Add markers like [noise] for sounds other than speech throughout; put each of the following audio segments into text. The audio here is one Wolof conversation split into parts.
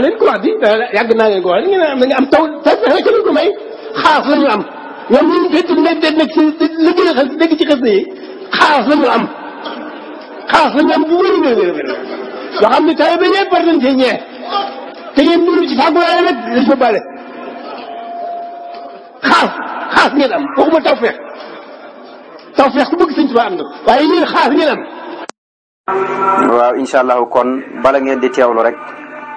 maa ko wax naa leen ko ngeen am da nga am taw fexe ci ko may xaas la ñu am ñoom ñu fekk nekk de a xas dégg ci yi xaas la ñu am xaas la ñu am bu wér wér wér yoo xam ne tawee ba ñëpp war nañ cee ñee te ngeen dund ci tàggooyaay rek ko xaas xaas ngeen am waxuma taw feex taw feex ku bëgg sëñ am waaye xaas ngeen am waaw incha kon bala ngeen di teewlu rek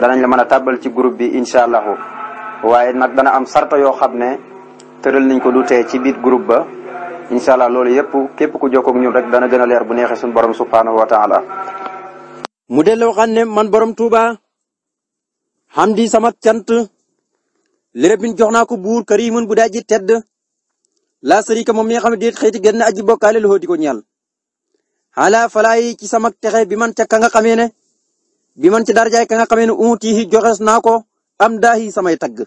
danañ la mën a tàbbal ci group bi incha allahu waaye nag dana am sarta yoo xam ne tëral nañ ko lu tee ci biir group ba incha allah loolu yëpp képp ku jokkoo ak rek dana gën a leer bu neexee suñu borom subhaanahu wa taala mu delloo xam ne man borom Touba xam di sama cant léréb bin jox naa ko buur karimun bu daa ji tedd la sarika moom mi xam ne déet xeeti genn aji bokkaale loxoo di ko ñeel xaala ci sama texe bi man ca ka nga xamee ne bi man ci darjaay ka nga xamee ne uutihi joxes naa ko am daahi samay tagg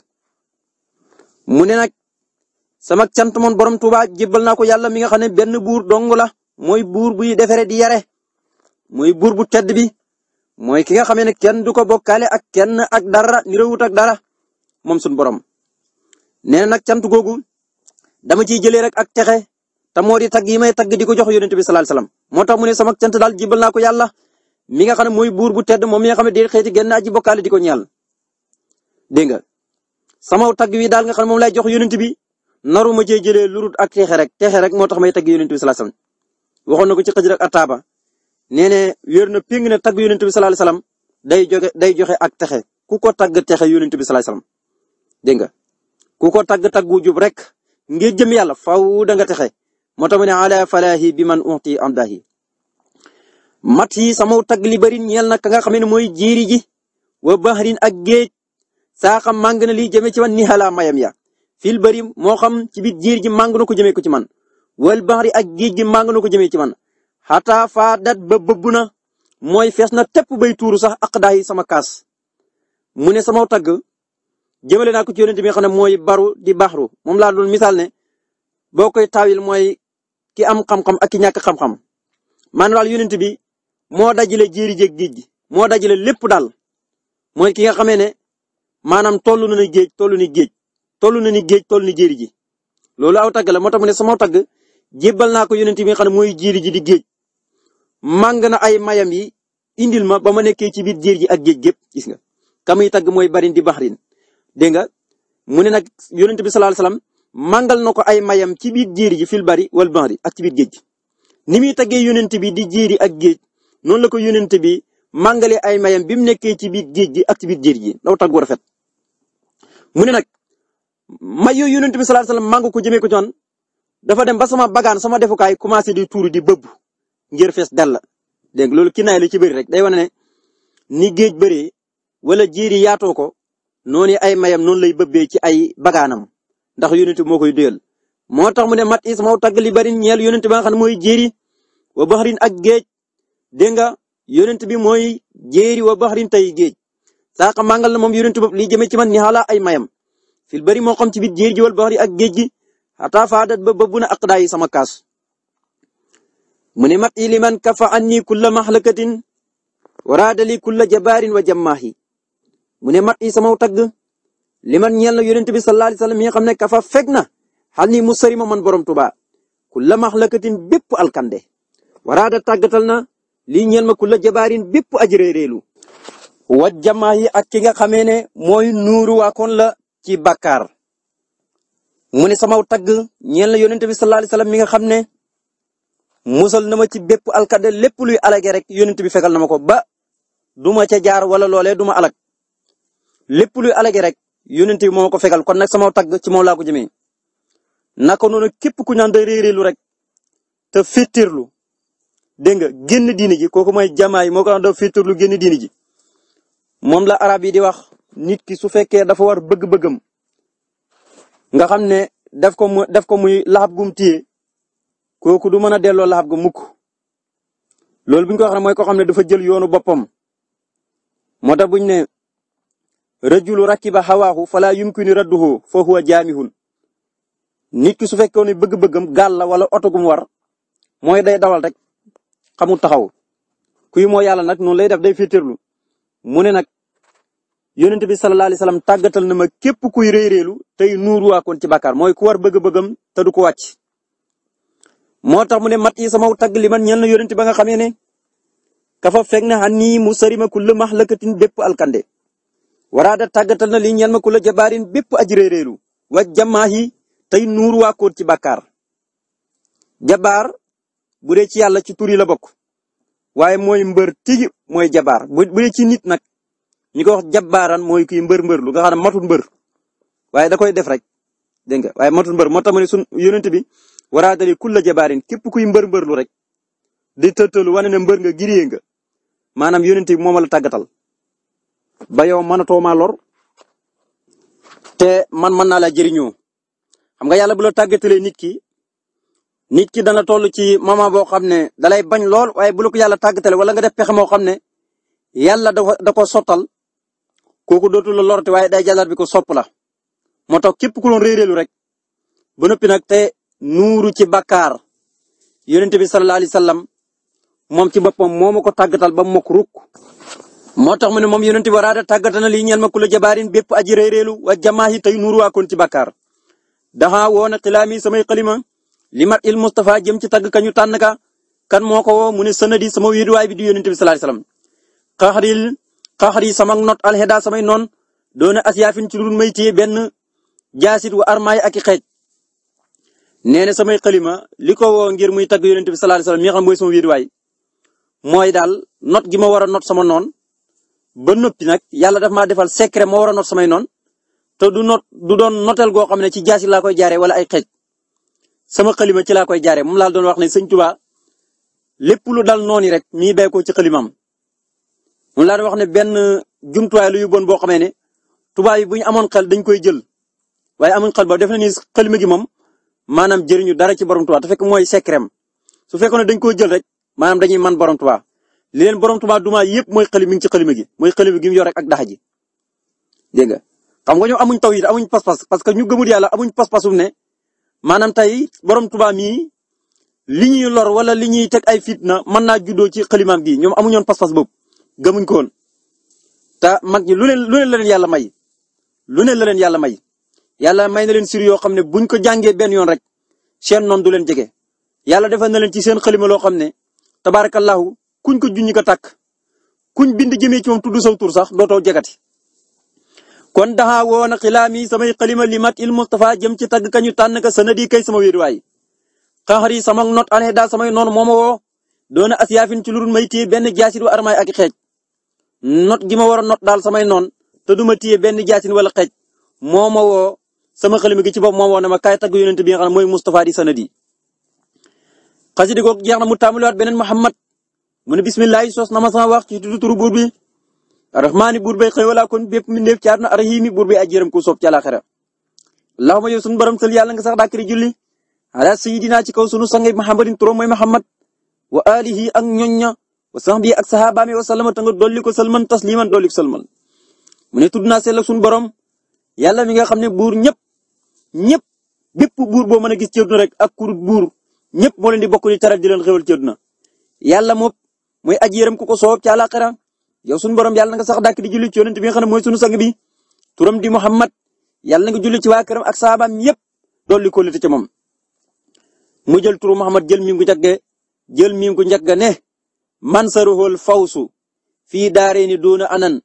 mu ne nag sama cant moon borom Tuuba jébbal naa ko yàlla mi nga xam ne benn buur dong la mooy buur buy defere di yare mooy buur bu tedd bi mooy ki nga xamee ne kenn du ko bokkaale ak kenn ak dara nirawut ak dara moom suñ borom nee na cant googu dama ci jëlee rek ak texe te moo di tagg yi may tagg di ko jox yonent bi sallallahu alayhi wasallam moo tax mu ne sama cant daal jébbal naa ko yàlla mi nga xam ne mooy buur bu tedd moom mi nga xam ne day xeeti génn naa ji bokkaale di ko ñaal dégg nga sama tagg wi daal nga xam ne moom lay jox yonent bi naru ma cee jëlee lurut ak texe rek texe rek moo tax may tagg yonent bi sallallahu alayhi wasallam waxoon na ko ci xëj rek ataaba nee ne wér na péng na tagg yonent bi sallallahu alayhi wasallam day joxe day joxe ak texe ku ko tagg texe yonent bi sallallahu alayhi wasallam dégg nga ku ko tag taggu jub rek ngir jëm yàlla faaw da nga texe moo tax mu ne ala falaahi bi man uxti amdahi mat yi sama tagg li bari ñeel na ka nga xam ne mooy jiiri ji wa bahrin ak géej saa xam màng na li jëmee ci man ni xalaa mayam ya fil bari moo xam ci biir jiir ji màng na ko jëmee ko ci man wal bahri ak géej gi màng na ko jëmee ci man xataa faa dat ba bëbb mooy fees na tepp bay tuuru sax ak daay sama kaas mu ne sama tagg jëmale na ko ci yonent bi nga xam ne mooy baru di baxru moom laa doon misaal ne boo koy taawil mooy ki am xam-xam ak ki ñàkk xam-xam maanaam daal bi moo dajale jéeri jéeg géej gi moo dajale lépp daal mooy ki nga xamee ne maanaam toll na ni géej tollu ni géej toll na ni géej toll ni jéeri ji loolu aw tagg la moo tax mu ne sama tagg jébbal naa ko yonent bi nga xam ne mooy jéeri ji di géej na ay mayam yi indil ma ba ma nekkee ci biir jéeri ji ak géej gépp gis nga kamuy tagg mooy barin di baxrin dégg nga mu ne nag yonent bi sallallahu alayhi wasallam màngal na ko ay mayam ci biir jéeri ji fil bari wal bahri ak ci biir géej gi ni muy taggee yonent bi di jéeri ak géej noonu la ko yónent bi màngale ay mayam bi mu nekkee ci biir géej gi ak ci biir jéer yi daw tàgg gu rafet. mu ne nag may yooyu yónent bi sallallahu alayhi wasallam ko jëmee ko ci dafa dem ba sama bagaan sama defukaay commencé di tuuru di bëbb ngir fees dell. dégg loolu ki naay la ci bëri rek day wane ni géej bëree wala jéer yi yaatoo ko noonu ay mayam noonu lay bëbbee ci ay bagaanam ndax yónent bi moo koy doyal. moo tax mu ne mat is maw tagg li bari ñeel yónent ba nga xam ne mooy jéeri wa baxrin ak géej dégg nga yonent bi mooy jéeri wa baxrin tey géej saaqa màngal na moom yonent bopp lii jëmee ci man ni xala ay mayam fil bari moo xam ci biir jéeri ji wal baxri ak géej gi xataa faadat ba bëbb na aqdaa yi sama kaas mu ne mat yi li liman kafa anni kulla maxlakatin waraadali kulla jabaarin wa jammaahi mu ne mat yi sama tagg man ñeel na yonent bi sallallahu alayhi wasallam mi nga xam ne kafa fekk na xal ni mu sëri ma man borom Tuubaa kulla maxlakatin bépp alkande waraada tàggatal na lii ñeel ma ku la jabaarin bépp aji réeréelu wa jamaa yi ak ki nga xamee ne mooy nuuru la ci bàkkaar mu ne samaw tagg ñeel na yonente bi sallallahu alayhi mi nga xam ne musal na ma ci bépp alkade lépp luy alage rek yonente bi fegal nama ko ba duma ca jaar wala loolee duma alag lépp luy alage rek yonente bi moo ko fegal kon nag sama tagg ci moom laa ko jëmee naka noonu képp ku ñaan day réeréelu rek te fitirlu dégg nga génn diini ji kooku mooy jamaay moo ko doon def fitur lu génn diini ji moom la arab yi di wax nit ki su fekkee dafa war bëgg-bëggam nga xam ne def ko mu def ko muy laxab gum téye kooku du mën a delloo laxab gu mukk loolu bu ñu ko waxee mooy ko xam ne dafa jël yoonu boppam moo tax bu ñu ne rajulu rakiba hawaahu fala yumkinu radduhu fa huwa jaamihun nit ki su fekkee ne bëgg-bëggam la wala oto gum war mooy day dawal rek xamul taxaw kuy moo yàlla nag noonu lay def day féeteerlu mu ne nag yonent bi sallallahu alayhi wasallam tàggatal na ma képp kuy réeréelu tey nuuru waakoon ci bàkkaar mooy ku war bëgg-bëggam te du ko wàcc. moo tax mu ne mat yi sama tagg li man ñeel na yonent ba nga xamee ne kafa fekk na xan nii mu sari ma ku la max lëkkatin bépp alkande waraada tàggatal na li ñeel ma ku la jabaarin bépp aji réeréelu wa jamaahi tey nuuru waakoon ci bàkkaar jabaar bu dee ci yàlla ci tur yi la bokk waaye mooy mbër tigi mooy jabaar bu bu ci nit nag ñi ko wax jabaaran mooy kii mbër mbër lu nga xam ne matul mbër waaye da koy def rek dégg nga waaye matul mbër moo tax ma ne sun yonent bi waraatali kulla jabaarin képp kuy mbër mbër rek di tëttalu wane ne mbër nga giree nga maanaam yonent bi moom la tàggatal bayo yow mënatoo maa lor te man mën naa xam nga yàlla bu la tàggatalee nit ki nit ki dana toll ci moment boo xam ne dalay bañ lool waaye bu la ko yàlla tàggatale wala nga def pexe moo xam ne yàlla da ko da ko sottal kooku dootul la lorte waaye day jàllar bi ko sopp la. moo tax képp ku doon réeréelu rek ba noppi nag te nuuru ci bakkaar yonent bi sallallahu alayhi wasallam moom ci boppam moo ma ko tàggatal ba mu mokk rukk. moo tax mu ne moom yonent bi waraada tàggatal na lii ñeel ma ku la jabaarin bépp aji réeréelu wa jamaahi tey nuuru waakoon ci bakkaar daxa woon xilaami samay xalima li mat il Moustapha jëm ci tagg kañu tànn kan moo ko woo mu ne sanadi sama wéeruwaay bi di yónent bi sallallahu alayhi wasallam xaxaril xaxari sama not alxeda samay noon doona asiyaafin ci lu may téye benn jaasit wa armaay ak i xeej nee samay xalima li ko woo ngir muy tagg yónent bi sallallahu alayhi wasallam mi xam mooy sama wéeruwaay mooy daal not gi ma war a not sama noon ba noppi nag yàlla daf maa defal secret ma war a not samay noon te du not du doon notel goo xam ne ci jaasit laa koy jaaree wala ay xeej sama xalima ci laa koy jaaree moom laa doon wax ne sëñ Tuubaa lépp lu dal noonu rek mi ngi bàyyi ko ci xalimam moom laa doon wax ne benn jumtuwaay lu yu bon boo xamee ne tubaab yi bu ñu amoon xel dañ koy jël waaye amuñ xel ba def na ni xalima gi moom maanaam jëriñu dara ci borom Tuubaa te fekk mooy secret su fekkoon ne dañ koy jël rek maanaam dañuy man borom Tuubaa li leen borom Tuubaa duma yëpp mooy xalim mi ngi ci xalima gi mooy xalima gi mu yor ak daxa ji dégg nga amuñ taw yi amuñ pas-pas parce ñu gëmul yàlla amuñ maanaam tey borom Tuubaa mii li ñuy lor wala li ñuy teg ay fitna mën naa juddoo ci xalimaam gi ñoom amuñoon pas-pas boobu gëmuñ ko woon te mag ñi lu leen lu yàlla may lu leen la yàlla may yàlla may na leen sir yoo xam ne buñ ko jàngee benn yoon rek seen noon du leen jege yàlla defal na leen ci seen xalima loo xam ne tabaarakallahu kuñ ko junñi ko tàkk kuñ bind jëmee ci moom tudd saw tur sax dootoo jegati kon daxaa woon a xilaami samay xalima limat il Mustafa jëm ci tagg kañu tànn ka sanadi kay sama wéeruwaay xaxari sama not ane daal samay noon moo ma woo doona asiyaafin ci lurul may téye benn jaasin wa armaay ak xeej gi ma war a not daal samay noon te du ma benn jaasin wala xeej moo ma woo sama xalima gi ci bopp moo woo ne ma kaay tagg yonent bi nga xam ne mooy Mustafa di sanadi xasida googu jeex na mu tàmbaliwaat beneen Muhammad mu ne bismillaahi sos na ma sama wax ci tuddu turu buur bi raxmaani buur bay xéewalaa kon bépp mi néef ci àdduna raxiimi buur bay ajjëram ko soob ci àlaxira allahuma yow sunu borom sal yàlla nga sax dàkkari julli ala sayidina ci kaw sunu sangay muhammadin turam mooy muhammad wa alihi ak ñoñña wa sahbi ak sahabaami wa sallama ta nga dolli ko salman tasliman dolli ko salman mu ne tudd naa sell ak sunu borom mi nga xam ne buur ñëpp ñëpp bépp buur boo mën a gis ci àdduna rek ak kurut buur ñëpp moo leen di bokk di taral di leen xéwal ci yow sunu borom yàlla nga sax dàkk di julli ci yonent bi nga xam ne mooy sunu sang bi turam di Muhammad yàlla na nga julli ci waa këram ak saabaam yëpp dolli ko lite ci moom. mu jël turu Muhammad jël mi ngi njëkk jël mi ngi man ne mansaruhul fawsu fii daareeni duuna anan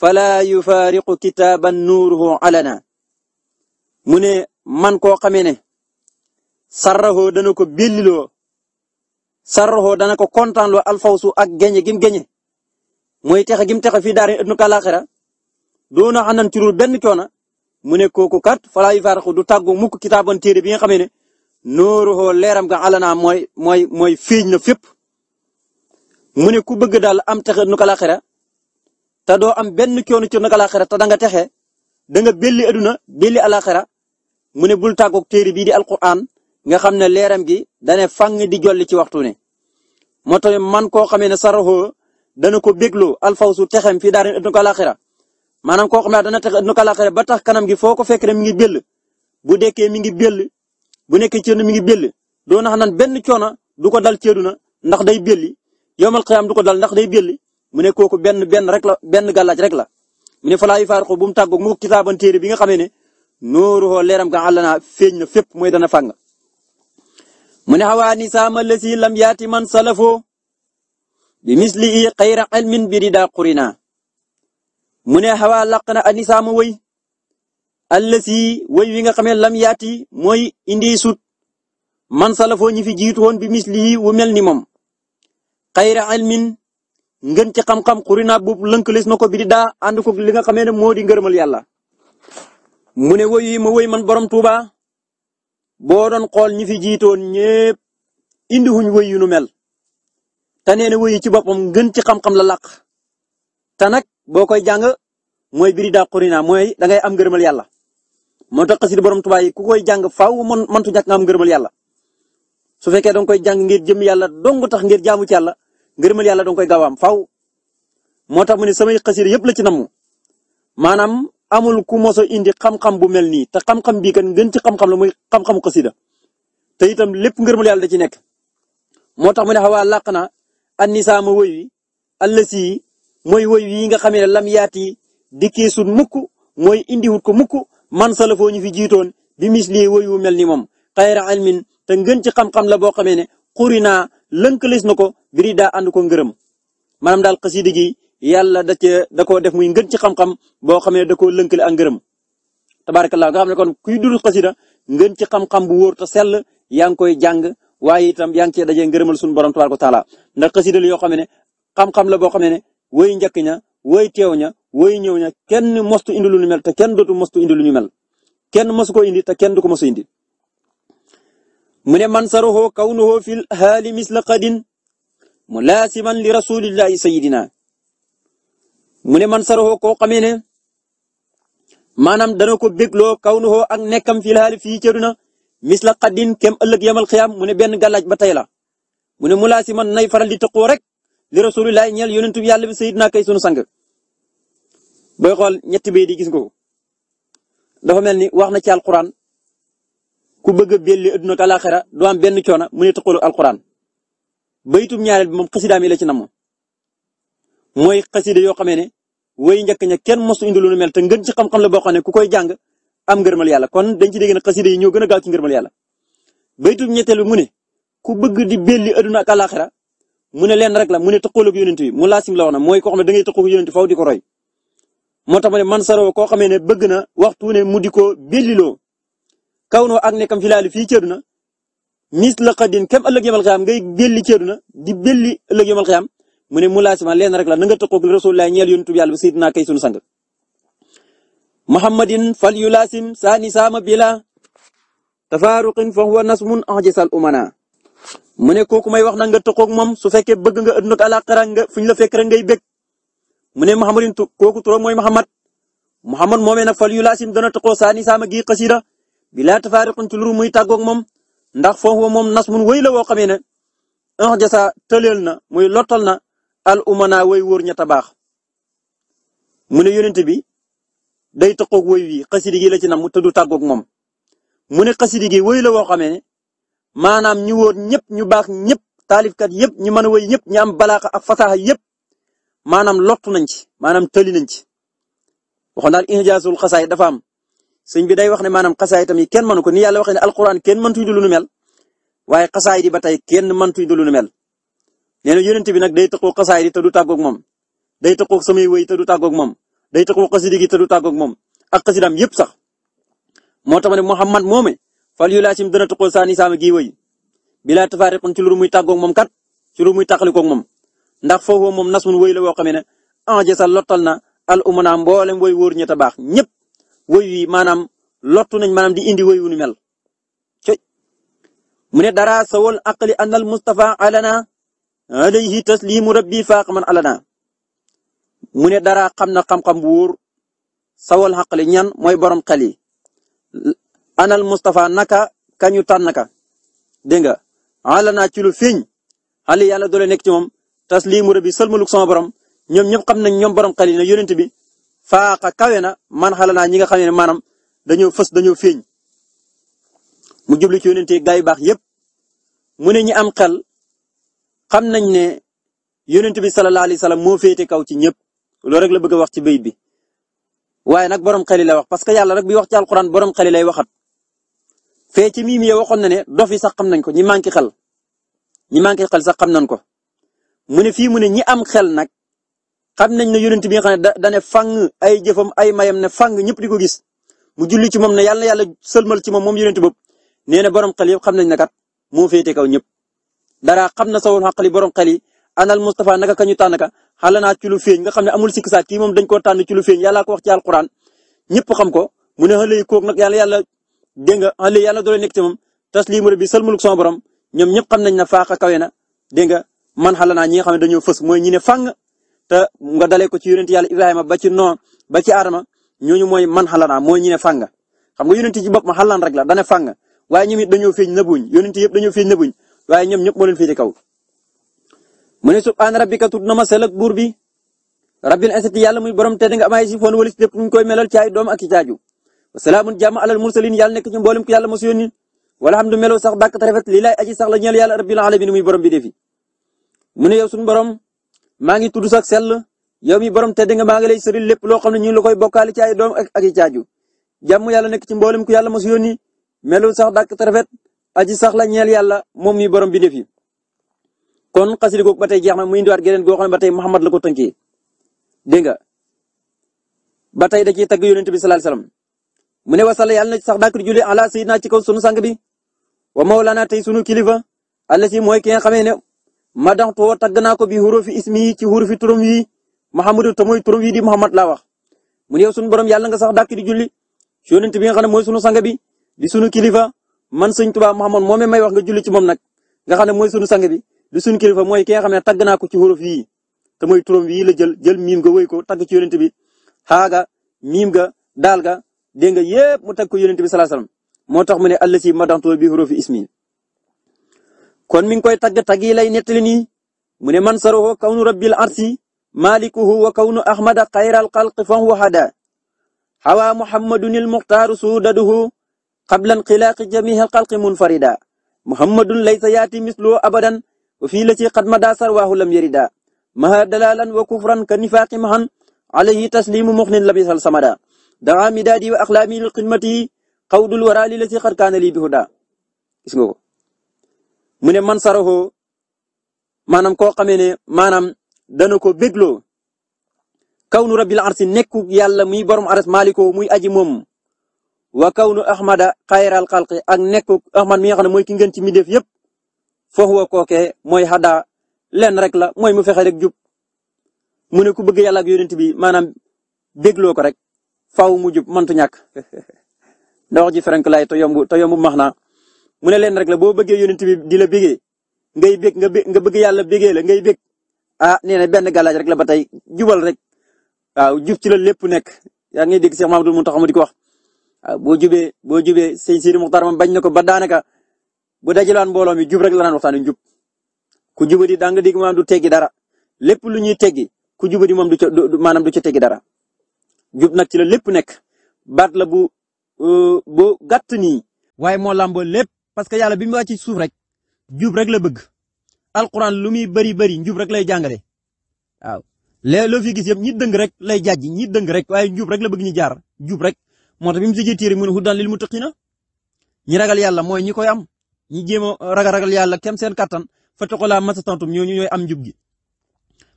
falaa yufaariqu kitaaban nuuruhu alana mu ne man koo xamee ne sarraxoo dana ko belliloo sarraxoo dana ko kontaanloo alfawsu ak geñe gim geñe mooy texe gim texe fii daarin aduna kalaaxira doona xanan ci lu benn coona mu ne kooku kat falaa yu faaraxu du tàggu mukk kitaaban téere i nga xamee ne nooruhoo leeram nga alana mooy mooy mooy feeñ na fépp mu ku bëgg daal am texe aduna kalaaxira te doo am benn coono ci aduna kalaaxira te da texe da nga belli aduna belli alaaxira mu ne bul tàggoog téere bii di alquran nga xam ne leeram gi dane fang di jolli ci waxtu ne man koo xamee ne dana ko bégloo alfawsu texem fii daarin ëdduna ko alaxira maanaam koo xam ko alaxira ba tax kanam gi foo ko fekk mi ngi béll bu dekkee mi ngi béll bu nekkee ci mi ngi béll doo nax nan benn coona du ko dal ci àdduna ndax day bélli yowmal xiyaam du ko dal ndax day bélli mu ne kooku benn benn rek la benn gàllaaj rek la mu ne falaa ko bu mu tàggoog mu kitaaban téere bi nga xamee ne nooruhoo leeram ga àllanaa feeñ na fépp mooy dana fàng mu ne xawaa ni lam yaati man salafoo bi mislihi xayra ilmin bi rida qurina mu ne xawa laq na anisaama woy allasi woy wi nga xamee lam yaati mooy indi sut man salafoo ñi fi jiitu woon bi mislihi wu mel ni moom xayra ilmin ngën ci xam-xam qurina boobu lënkalees na ko bi rida ànd li nga xamee ne moo di ngërëmal yàlla mu ne woy ma woy man borom Tuuba boo doon xool ñi fi jiitoon ñépp indi huñ woy yu mel te nee na wëyu ci boppam ngën ci xam-xam la làq te nag boo koy jàng mooy biri daa xurina mooy da ngay am ngërëmal yàlla moo tax xasida borom Tuubaa yi ku koy jàng faaw mën mëntu ñàkk nga am ngërëmal yàlla su fekkee danga koy jàng ngir jëm yàlla dong tax ngir jaamu ci yàlla ngërëmal yàlla danga koy gaaw am faaw moo tax mu ne samay xasida yëpp la ci namu maanaam amul ku moso indi xam-xam bu mel nii te xam-xam bii kan ngën ci xam-xam la muy xam-xamu xasida te itam lépp ngërëmal yàlla da ci nekk moo tax mu ne annisaama woy wi allasi yi mooy woy wi nga xamee ne lam yaat yi dikkee sut mukk mooy indiwut ko mukk man salafoo ñu fi jiitoon bi misli woy wu mel ni moom xayra almin te ngën ci xam-xam la boo xamee ne xuri naa lënkalis na ko biri daa ànd ko ngërëm maanaam daal xasida gi yàlla da cee da koo def muy ngën ci xam-xam boo xamee da koo lënkale ak ngërëm tabaarakallah nga xam ne kon kuy dul xasida ngën ci xam-xam bu wóor te sell yaa ngi koy jàng waaye itam yaa ngi cee dajee ngërëmal suñu borom tabaaraka taala ndax xasida la yoo xam ne xam la boo xam ne woy njëkk ña woy teew ña woy ñëw ña kenn mostu indi lu ñu mel te kenn dootu mostu indi lu ñu mel kenn mosu ko indi te kenn du ko mosu indi mu ne man saruhu kawnuhu fil haali misla qadin mulaasiman li rasulillahi sayidina mu ne man saruhu koo xamee ne maanaam dana ko bégloo kawnuhu ak nekkam fil haali fii cëduna misla xaddin ken ëllëg yamal xiyaam mu ne benn gàllaaj ba tey la mu ne mulaasiman nay faral di tëqoo rek li rasulillahi ñeel yonentu yàlla bi sayidina kay sunu sang booy xool ñetti bay di gis nga ko dafa mel ni wax na ci alquran ku bëgg a belli adduna ak alaxira du am benn coona mu ne tëqalu alquran baytum bi moom xasidaam mi la ci nam mooy xasida yoo xamee ne way njëkk ña kenn mosu indi lu mel te gën ci xam-xam la boo xam ne ku koy jàng am ngërmal yàlla kon dañ ci dégg ne xasida gën a gaaw ci ngërmal yàlla baytu ñetteel bi mu ne ku bëgg di belli aduna ak alaxira mu ne leen rek la mu ne tëqool ak yonent bi mu laasim la wax na mooy koo xam ne da ngay tëqoo yonent faw di ko roy moo tax ma ne man saroo koo xamee ne bëgg na waxtu ne mu di ko belliloo kaw noo ak nekkam filaali fii ci aduna mis la xadin kem ëllëg yemal xiyaam ngay belli ci di belli ëllëg yemal xiyaam mu ne mu laasima rek la na nga tëqoog rasulullah ñeel yonent bi muhammadin fal yulasim saani saama bila tafaaruqin fa huwa nasmun ajisal umana mu ne kooku may wax na nga toqoog moom su fekkee bëgg nga ëdduna ak àllaaxira nga fu ñu la fekk rek ngay bég mu ne muhammadin kooku turam mooy muhammad muhammad moomee nag fal yulasim dana toqoo saani saama gi xasida bila tafaaruqin ci lu muy tàggoog moom ndax foofu moom nasmun wëy la woo xamee ne ajasa na muy lottal na al umana way wóor ña tabaax mu ne yonent bi day tëqoog woy wii xasida gi la ci nam te du tàggoog moom mu ne xasida gi woy la woo xamee ne maanaam ñu woon ñëpp ñu baax ñëpp taalifkat yëpp ñu mën a woy ñëpp ñu am balaaxa ak fasaaxa yëpp maanaam lottu nañ ci maanaam tëli nañ ci waxoon daal injaasul xasaay dafa am sëñ bi day wax ne maanaam xasaay itam yi kenn mënu ko ni yàlla waxee ne alquran kenn mëntu du lu nu mel waaye xasaay di ba tey kenn mëntu du lu nu mel nee na yonent bi nag day tëqoog xasaay di te du tàggoog moom day tëqoog samay woy te du tàggoog moom day taxawu xasida gi te du tàggoog moom ak xasidaam yëpp sax moo tax ma ne Muhammad moome fal yu laasim dana taxaw saa ni saama gii wëy bilaa tafaariqun ci lu muy tàggoog moom kat ci lu muy tàqalikoog moom ndax foofu moom nas mun wëy la woo xam ne anje sa lottal na al umanaam mboolem wëy wóor ñett a baax ñëpp wëy yi maanaam lot nañ maanaam di indi wëy wu ñu mel. mu ne dara sawal aqli anal Mustafa alana alayhi taslimu mu faax man alana mu ne dara xam na xam-xam wur wóor sawal ñan mooy borom xel yi anal Moustapha naka kañu tànn naka dégg nga ala naa ci lu fiñ xale yàlla doole nekk ci moom taslimu rabbi sëlmaluk sama borom ñoom ñëpp xam nañ ñoom borom xel yi ne yonent bi faaxa kawe na man xala naa ñi nga xam ne maanaam dañoo fës dañoo feeñ mu jublu ci yonent yi gaa baax yépp mu ne ñi am xel xam nañ ne yonent bi sallallahu alayhi wa sallam féete kaw ci ñëpp loolu rek la bëgg wax ci béy bi waaye nag borom xel yi lay wax parce que yàlla rek bi wax ci alquran borom xel yi lay waxat fee ci mii mi waxoon na ne dof sax xam nañ ko ñi manqué xel ñi manqué xel sax xam nañ ko mu ne fii mu ne ñi am xel nag xam nañ ne yonent bi nga xam ne da da ne ay jëfam ay mayam ne fang ñëpp di ko gis mu julli ci moom ne yàlla na yàlla sëlmal ci moom moom yonent boobu nee na borom xel yëpp xam nañ ne kat moo féete kaw ñëpp dara xam na sawul borom xel yi anal Moustapha naka kañu tànn ka xala naa ci lu feeñ nga xam ne amul sikk saak kii moom dañ koo tànn ci lu feeñ yàllaa ko wax ci alquran ñëpp xam ko mu ne xale yi kooku nag yàlla yàlla dégg nga xale yàlla doole nekk ci moom taslimu rabbi salmuluk sama borom ñoom xam nañ na faaxa kawe na man xala naa ñi nga xam ne dañoo fës mooy ñi ne fàng te nga dalee ko ci yonent yàlla Ibrahima ba ci Nuux ba ci Aadama ñooñu mooy man xala naa mooy ñi ne fàng xam nga yonent ci boppam xalaan rek la dana fàng waaye ñoom it dañoo feeñ nëbuñ ñoom ñëpp moo kaw mu ne subhaana rabbika tudd na ma sell ak buur bi yàlla muy borom tedd nga amaay si foon wala si lépp ñu koy melal ci ay doom ak i caaju salaamun jàmm alal mursalin yàlla nekk ci mboolem ku yàlla mos yónni wala xam du meloo sax bàkk rafet lii laay aji sax la ñeel yàlla rabbil alamin muy borom borom maa ngi tudd sax sell yow mi borom tedd nga maa ngi lay sori lépp loo xam ne ñu ngi koy bokkaale ay doom ak ak yàlla nekk ci mboolem ku yàlla mos yónni melul sax bàkk rafet aji sax la ñeel yàlla moom mi borom bi defi kon xasida googu ba tey jeex na muy indiwaat geneen goo xam ne ba tey Muhammad la ko tënkee dégg nga tey da ciy tagg yonent bi sallallahu alayhi wasallam mu ne wasalla yàlla sax dàkk julli ala sayyidina ci kaw sunu sang bi wa mawlana tey sunu kilifa alla si mooy ki nga xamee ne ma daxtoo tagg naa ko bi hurufi ismi yi ci hurufi turam yi Muhammadu te mooy turam yi di Muhammad laa wax mu ne yow sunu borom yàlla nga sax dàkk di julli ci yonent nga xam ne mooy sunu sang bi di sunu kilifa man sëñ Tuubaa Muhammad moomee may wax nga julli ci moom nag nga xam ne mooy sunu sang bi li suñu kilifa mooy ki nga xam ne tagg naa ko ci xuruf yii te mooy turam yii la jël jël miim ga wéy ko tagg ci yonent bi xaaga miim ga daal ga dégg nga yépp mu tagg ko yonent bi sallallahu alayhi wasallam moo tax mu ne allah si madantu bi xurufi ismi kon mi ngi koy tagg tagg yi lay nettali nii mu ne man saruhu kawnu rabbil arsi malikuhu wa kawnu ahmada xayral xalqi fan wahada hawa muhammadun al muxtaaru suudaduhu qabla inqilaaqi jamihi al xalqi munfarida muhammadun laysa وفي التي قد مدى سرواه لم يردا مها دلالا وكفرا كنفاق معا عليه تسليم مخن لبيس الصمدا دعا مدادي واخلامي لقمته قود الورى التي قد كان لي بهدى gis nga ko mu ne man saraxoo maanaam koo xamee ne maanaam dana ko bégloo kawnu rabbil arsi nekku yàlla muy borom aras maliko muy aji moom wa kawnu ahmada xayral xalqi ak nekku ahmad mi nga xam ne mooy ki ngeen ci mi def yëpp foofu kookee mooy xaddaa len rek la mooy mu fexe rek jub mu ne ku bëgg yàlla ak yonent bi maanaam dégloo ko rek faaw mu jub mëntu ñàkk [laughs] ndax wax ji frank lay te yomb te yomb max naa mu ne leen rek la boo bëggee yonent bi di la ngay bég nga nga bëgg yàlla bégee la ngay bég ah nee na benn galaaj rek la ba tey jubal rek waaw jub ci la lépp nekk yaa ngi dégg ma Mamadou Mountakha mu di ko wax waaw ah, boo jubee boo jubee sëñ Sidi Muxtaar moom bañ ne ko ba daanaka bu dajalaan mbooloo mi jub rek la daan waxtaanee njub ku jubadi danga dégg maanaam du teggi dara lépp lu ñuy teggi ku jubadi moom du ca du maanaam du ca teggi dara. jub nag ci la lépp nekk baat la bu euh, bu gàtt nii. waaye moo làmboo lépp parce que yàlla bi mu wàcc suuf rek jub rek la bëgg alquran lu muy bëri bari njub rek lay jàngale waaw léeg fi gis yëpp ñi dëng rek lay jàjji ñi dëng rek waaye njub rek la bëgg ñu jaar jub rek moo ta bi mu siggee téere mu ne hudan lil muttaqina ñi ragal yàlla mooy ñi koy am. ñi jéem a ragal ragal yàlla kem seen kattan fattaqulaa mastata'tum ñooñu ñooy am njub gi.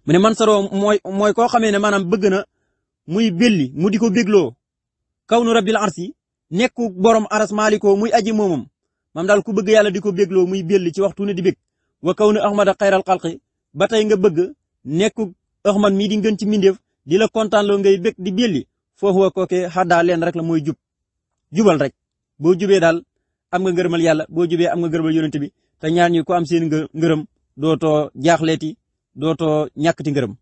mu ne man saroo mooy mooy koo xamee ne maanaam bëgg na muy belli mu di ko bégloo kaw nu rabbil arsi nekku borom aras maalikoo muy aji moomam maam daal ku bëgg yàlla di ko bégloo muy belli ci waxtu ne di bég wa kaw nu ahmada xayral xalqi ba tey nga bëgg nekku ahmad mii di ngën ci mindeef di la kontaanloo ngay bég di belli foofu wa kookee xaddaa leen rek la mooy jub jubal rek am nga ngërëmal yàlla boo jubee am nga ngërëmal yonent bi te ñaar ñi ku am seen ngërëm dootoo jaaxleeti dootoo ñàkkati ngërëm.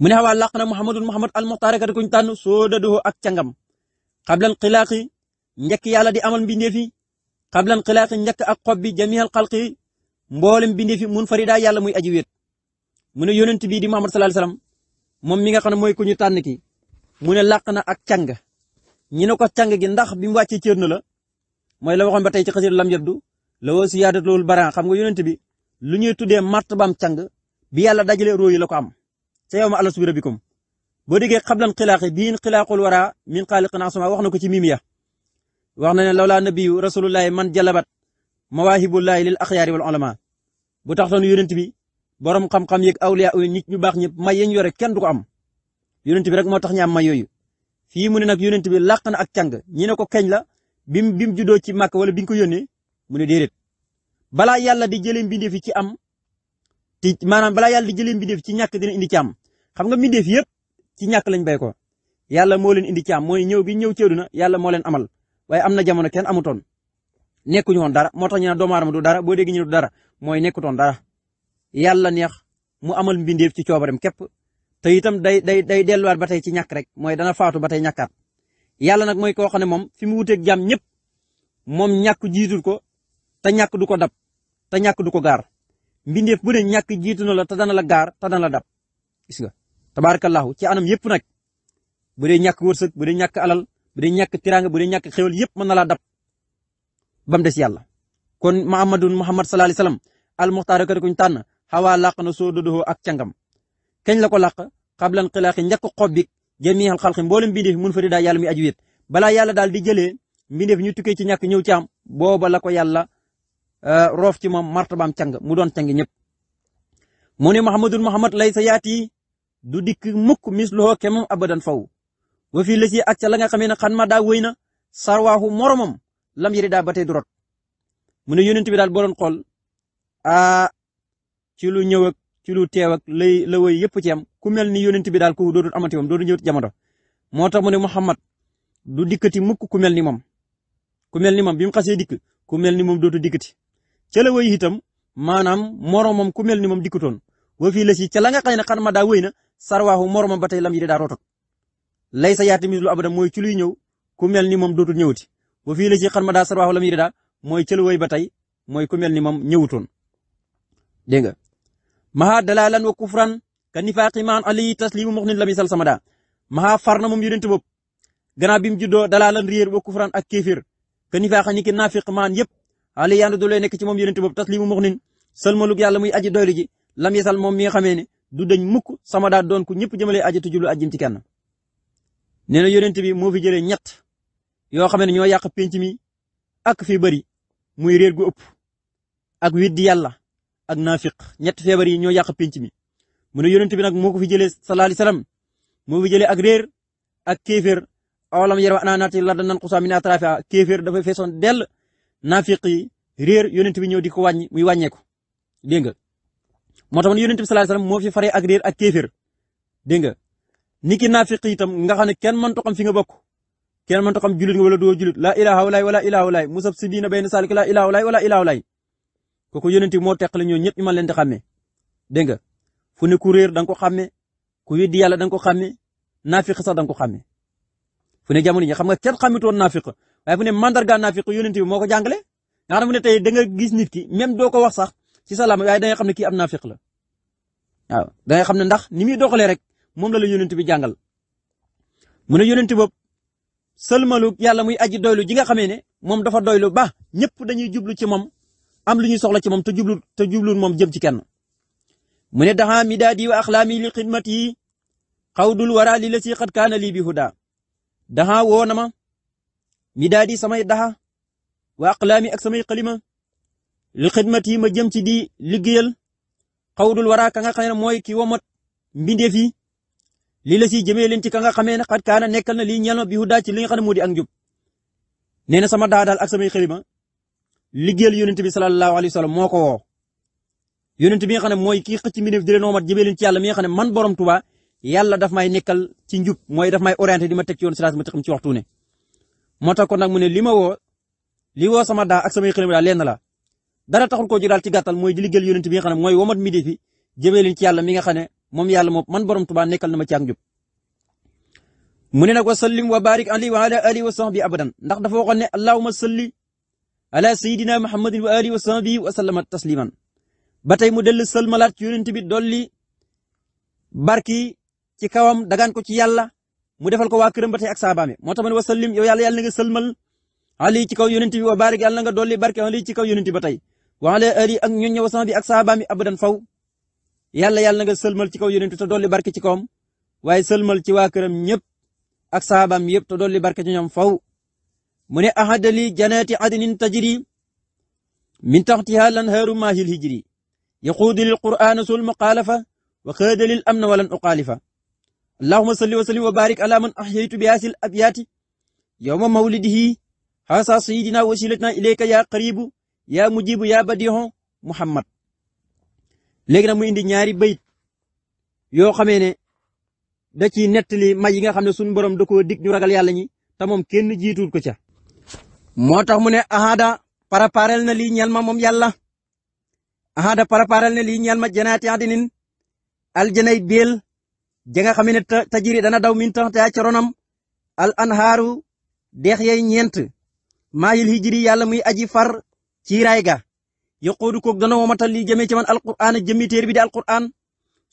mu ne xawaa làq na Muhammadun Muhammad al Muxtaar kat kuñ tànn soo dadoo ak cangam xablan xilaaqi njëkk yàlla di amal mbindeef yi xablan xilaaqi njëkk ak xob bi jamiyal xalqi mboolem mbindeef yi mun farida yàlla muy aji wéet mu ne yonent bii di Muhammad sallallahu alayhi wasallam moom mi nga xam ne mooy ku ñu tànn ki mu ne làq na ak càng ñi ko càng ndax bi mu la mooy la waxoon ba tey ci xasida lam yabdu la woo siyaadatul baran xam nga yonent bi lu ñuy tuddee martabam càng bi yàlla dajale roo yi la ko am ca yow ma alastu bi rabbikum boo déggee xablan xilaaqi biin xilaaqul wara min xaaliqin asama wax na ko ci mimiya wax na ne lawlaa nabiyu rasulullahi man jalabat mawaahibullahi lil axyaari wal ulama bu taxtoon yonent bi borom xam-xam yeeg awliya yi nit ñu baax ñëpp may yañ yore kenn du ko am yonent bi rek moo tax ñu am yooyu fii mu ne nag yonent bi làq na ak càng ñi ne ko keñ la bi mu bi mu ci màkk wala bi ñu ko yónnee mu ne déedéet balaa yàlla di jëlee mbindeef yi ci am ci maanaam balaa yàlla di jëlee mbindeef ci ñàkk dina indi ci am xam nga mbindeef yëpp ci ñàkk lañ bay ko yàlla moo leen indi ci am mooy ñëw gi ñëw ci àddina yàlla moo leen amal waaye am na jamono kenn amutoon nekkuñu woon dara moo tax ñu naan doomu aadama du dara boo déggee ñu du dara mooy nekkutoon dara yàlla neex mu amal mbindeef ci coobareem képp te itam day day day delluwaat ba tey ci ñàkk rek mooy dana faatu ba tey ñàkkaat yàlla nag mooy koo xam ne moom fi mu wuteeg jàmm ñëpp moom ñàkk jiitul ko te ñàkk du ko dab te ñàkk du ko gaar mbindeef bu ne ñàkk jiitu na la te dana la gaar te dana la dab gis nga tabaarakallahu ci anam yëpp nag bu dee ñàkk wërsëg bu dee ñàkk alal bu dee ñàkk tiraanga bu dee ñàkk xéwal yëpp mën na laa dab ba mu des yàlla kon Muhammadun Muhammad sallallahu alayhi wasallam al muxtaar kër kuñ tànn xawaa làq na soo dodohoo ak cangam kañ la ko làq xablan xilaaxi njëkk xob jamihal xalqi mboolem mbindeef mun fa da yàlla muy aju yëpp balaa yàlla daal di jëlee mbindeef ñu tukkee ci ñàkk ñëw ci am booba la ko yàlla euh, roof ci moom martabaam càng mu doon càng ñëpp mu ne Muhammadun Muhammad lay sa yaati du dikk mukk misluhoo kemam abadan faw wa fii la si ak la nga xamee ne xan ma da wëy na sarwaaxu moromam lam yëri daa ba tey du rot mu ne yónent bi daal boo doon xool a ci lu ñëw ci lu teew ak lay la woy yëpp am ku mel ni yonent bi daal ku dootul amati moom dootul ñëwati jamono moo tax mu ne Muhammad du dikkati mukk ku mel ni moom ku mel ni moom bi mu xasee dikk ku mel ni moom dootul dikkati ca la woy itam maanaam moromam ku mel ni moom dikkutoon wa fii la si ca la nga xëy na xan ma daa wéy na sarwaaxu moromam ba tey lam yi daa rootok lay sa yaati mis lu abada mooy ci luy ñëw ku mel ni moom dootul ñëwati wa fii la si xan ma daa sarwaaxu lam yi daa mooy ca woy ba tey mooy ku mel ni moom ñëwutoon dégg nga maha dalalan wa kufran ka nifaaqi maan ali taslimu muxnin la misal samada maha farna moom yonent bopp gana bi mu juddoo dalalan réer wa kufran ak kéefir ka nifaaqa ni ki naafiq maan yëpp ali yandu du lay nekk ci moom yonent bopp taslimu muxnin sëlmalug yàlla muy aji doylu ji lam yasal moom mi nga xamee ne du dañ mukk samada doon ku ñëpp jëmale aji tujulu ajjim ci kenn nee na yonent bi moo fi jëlee ñett yoo xam ne ñoo yàq penc mi ak fi bëri muy réer gu ëpp ak yàlla ak naafiq ñetti feebar yi ñoo yàq penc mi mu ne bi nag moo ko fi jëlee sallallahu alayhi wasallam moo fi jëlee ak réer ak kéeféer awalam yaraw annaa naatil arda nanqusuhaa min atraafihaa kéeféer dafay feesoon dell naafiq yi réer yonent bi ñëw di ko wàññi muy wàññeeku dégg nga moo tax yonent bi sallallahu alayhi wasallam moo fi faree ak réer ak kéeféer dégg nga niki naafiq yi xam ne kenn mënut a xam fi nga bokk kenn mënut a xam julit nga wala doo julit laa ilaaha walaay wala ilaaha kooku yonent bi moo teqale ñoo ñëpp ñu mën leen di xàmmee dégg nga fu ne ku réer da nga ko xàmmee ku weddi yàlla da nga ko xàmmee naafiq sax da nga ko xàmmee fu ne jamono ji xam nga kenn xàmmitoon naafiq waaye fu ne mandarga naafiq yonent moo ko jàngale nga xam ne tey da nga gis nit ki même doo ko wax sax ci salaam waaye da nga xam ne kii am naafiq la waaw da xam ne ndax ni muy doxalee rek moom la la yonent bi jàngal mu ne yonent boobu sëlmaluk yàlla muy aji doylu ji nga xamee ne moom dafa doylu ba ñëpp dañuy jublu ci moom am lu ñuy soxla ci moom te jublu te jublu moom jëm ci kenn mu ne daxaa midaadi wa axlaami li xidmat yi xawdul wara li la si xat kaana lii bi huda daxaa woo na ma midaadi samay daxa wa axlaami ak samay xalima li xidmat yi ma jëm ci di liggéeyal xawdul wara ka nga xam ne mooy ki womat mbindeef yi lii la siy jëmee leen ci ka nga xamee ne xat kaana nekkal na lii ñeel ma bi huda ci li nga xam ne moo di ak njub nee na sama daa daal ak samay xalima liggéeyal yonent bi sallallahu alayhi wa sallam moo ko woo yonent bi nga xam ne mooy kii xëcc mbindeef di leen woomat jëmee leen ci mi nga xam man borom Tuubaa yàlla daf may nekkal ci njub mooy daf may orienté di ma teg ci yoon ma teg ci waxtu ne moo tax kon nag mu li ma wo li wo sama da ak samay xëlim daal lenn la dara taxul koo jóg daal ci gàttal mooy di liggéeyal yonent bi nga xam ne mooy womat mbindeef yi jëmee leen ci yàlla mi nga xam ne moom yàlla moom man na ma mu ne nag wa sallim wa barik ali wa wa sahbi abadan ala sayidina muhammadin wa alihi wa sahbihi wa tasliman ba tey mu dellu sëlmalaat ci yonent bi dolli barki ci kawam dagaan ko ci yàlla mu defal ko waa këram ba tey ak saabaame moo tax ma ne wa sallim yow yàlla yàlla nga sëlmal ali ci kaw yonent bi wa nga dolli barki ali ci kaw yonent bi ba tey ak ñoñ ñëw sama bi ak saabaami abadan faw yàlla yàlla nga sëlmal ci kaw yonent te dolli barke ci kawam waaye sëlmal ci waa këram ñëpp ak saabaam yëpp te dolli barke ci ñoom faw mu ne ahadali janaati adnin tajri min taxtiha lanhaaru maahil hijri yaquudi lil qur'aana sul muqaalafa wa xaada lil amna walan uqaalifa allahuma salli wa sallim wa baarik ala man ahyaytu bi haasil abyaati yowma mawlidihi haasa sayidina wasilatna ilayka yaa qaribu yaa mujibu yaa badixon muhammad léegi nag mu indi ñaari bayit yoo xamee ne da ciy nettali yi nga xam ne suñu borom da koo dig ñu ragal yàlla ñi te moom kenn jiituwul ko ca moo tax mu ne ahaada paraparel na lii ñeel ma moom yàlla ahada paraparel na lii ñeel ma janaati adinin aljanay beel ja nga xam ne tajiri dana daw min tax te ca ronam al anhaaru deex yay ñeent maayil hijri yàlla muy aji far ciiraay ga yaqoodu koog dana womatal lii jëmee ci man alquraan jëmmi téer bi di alquraan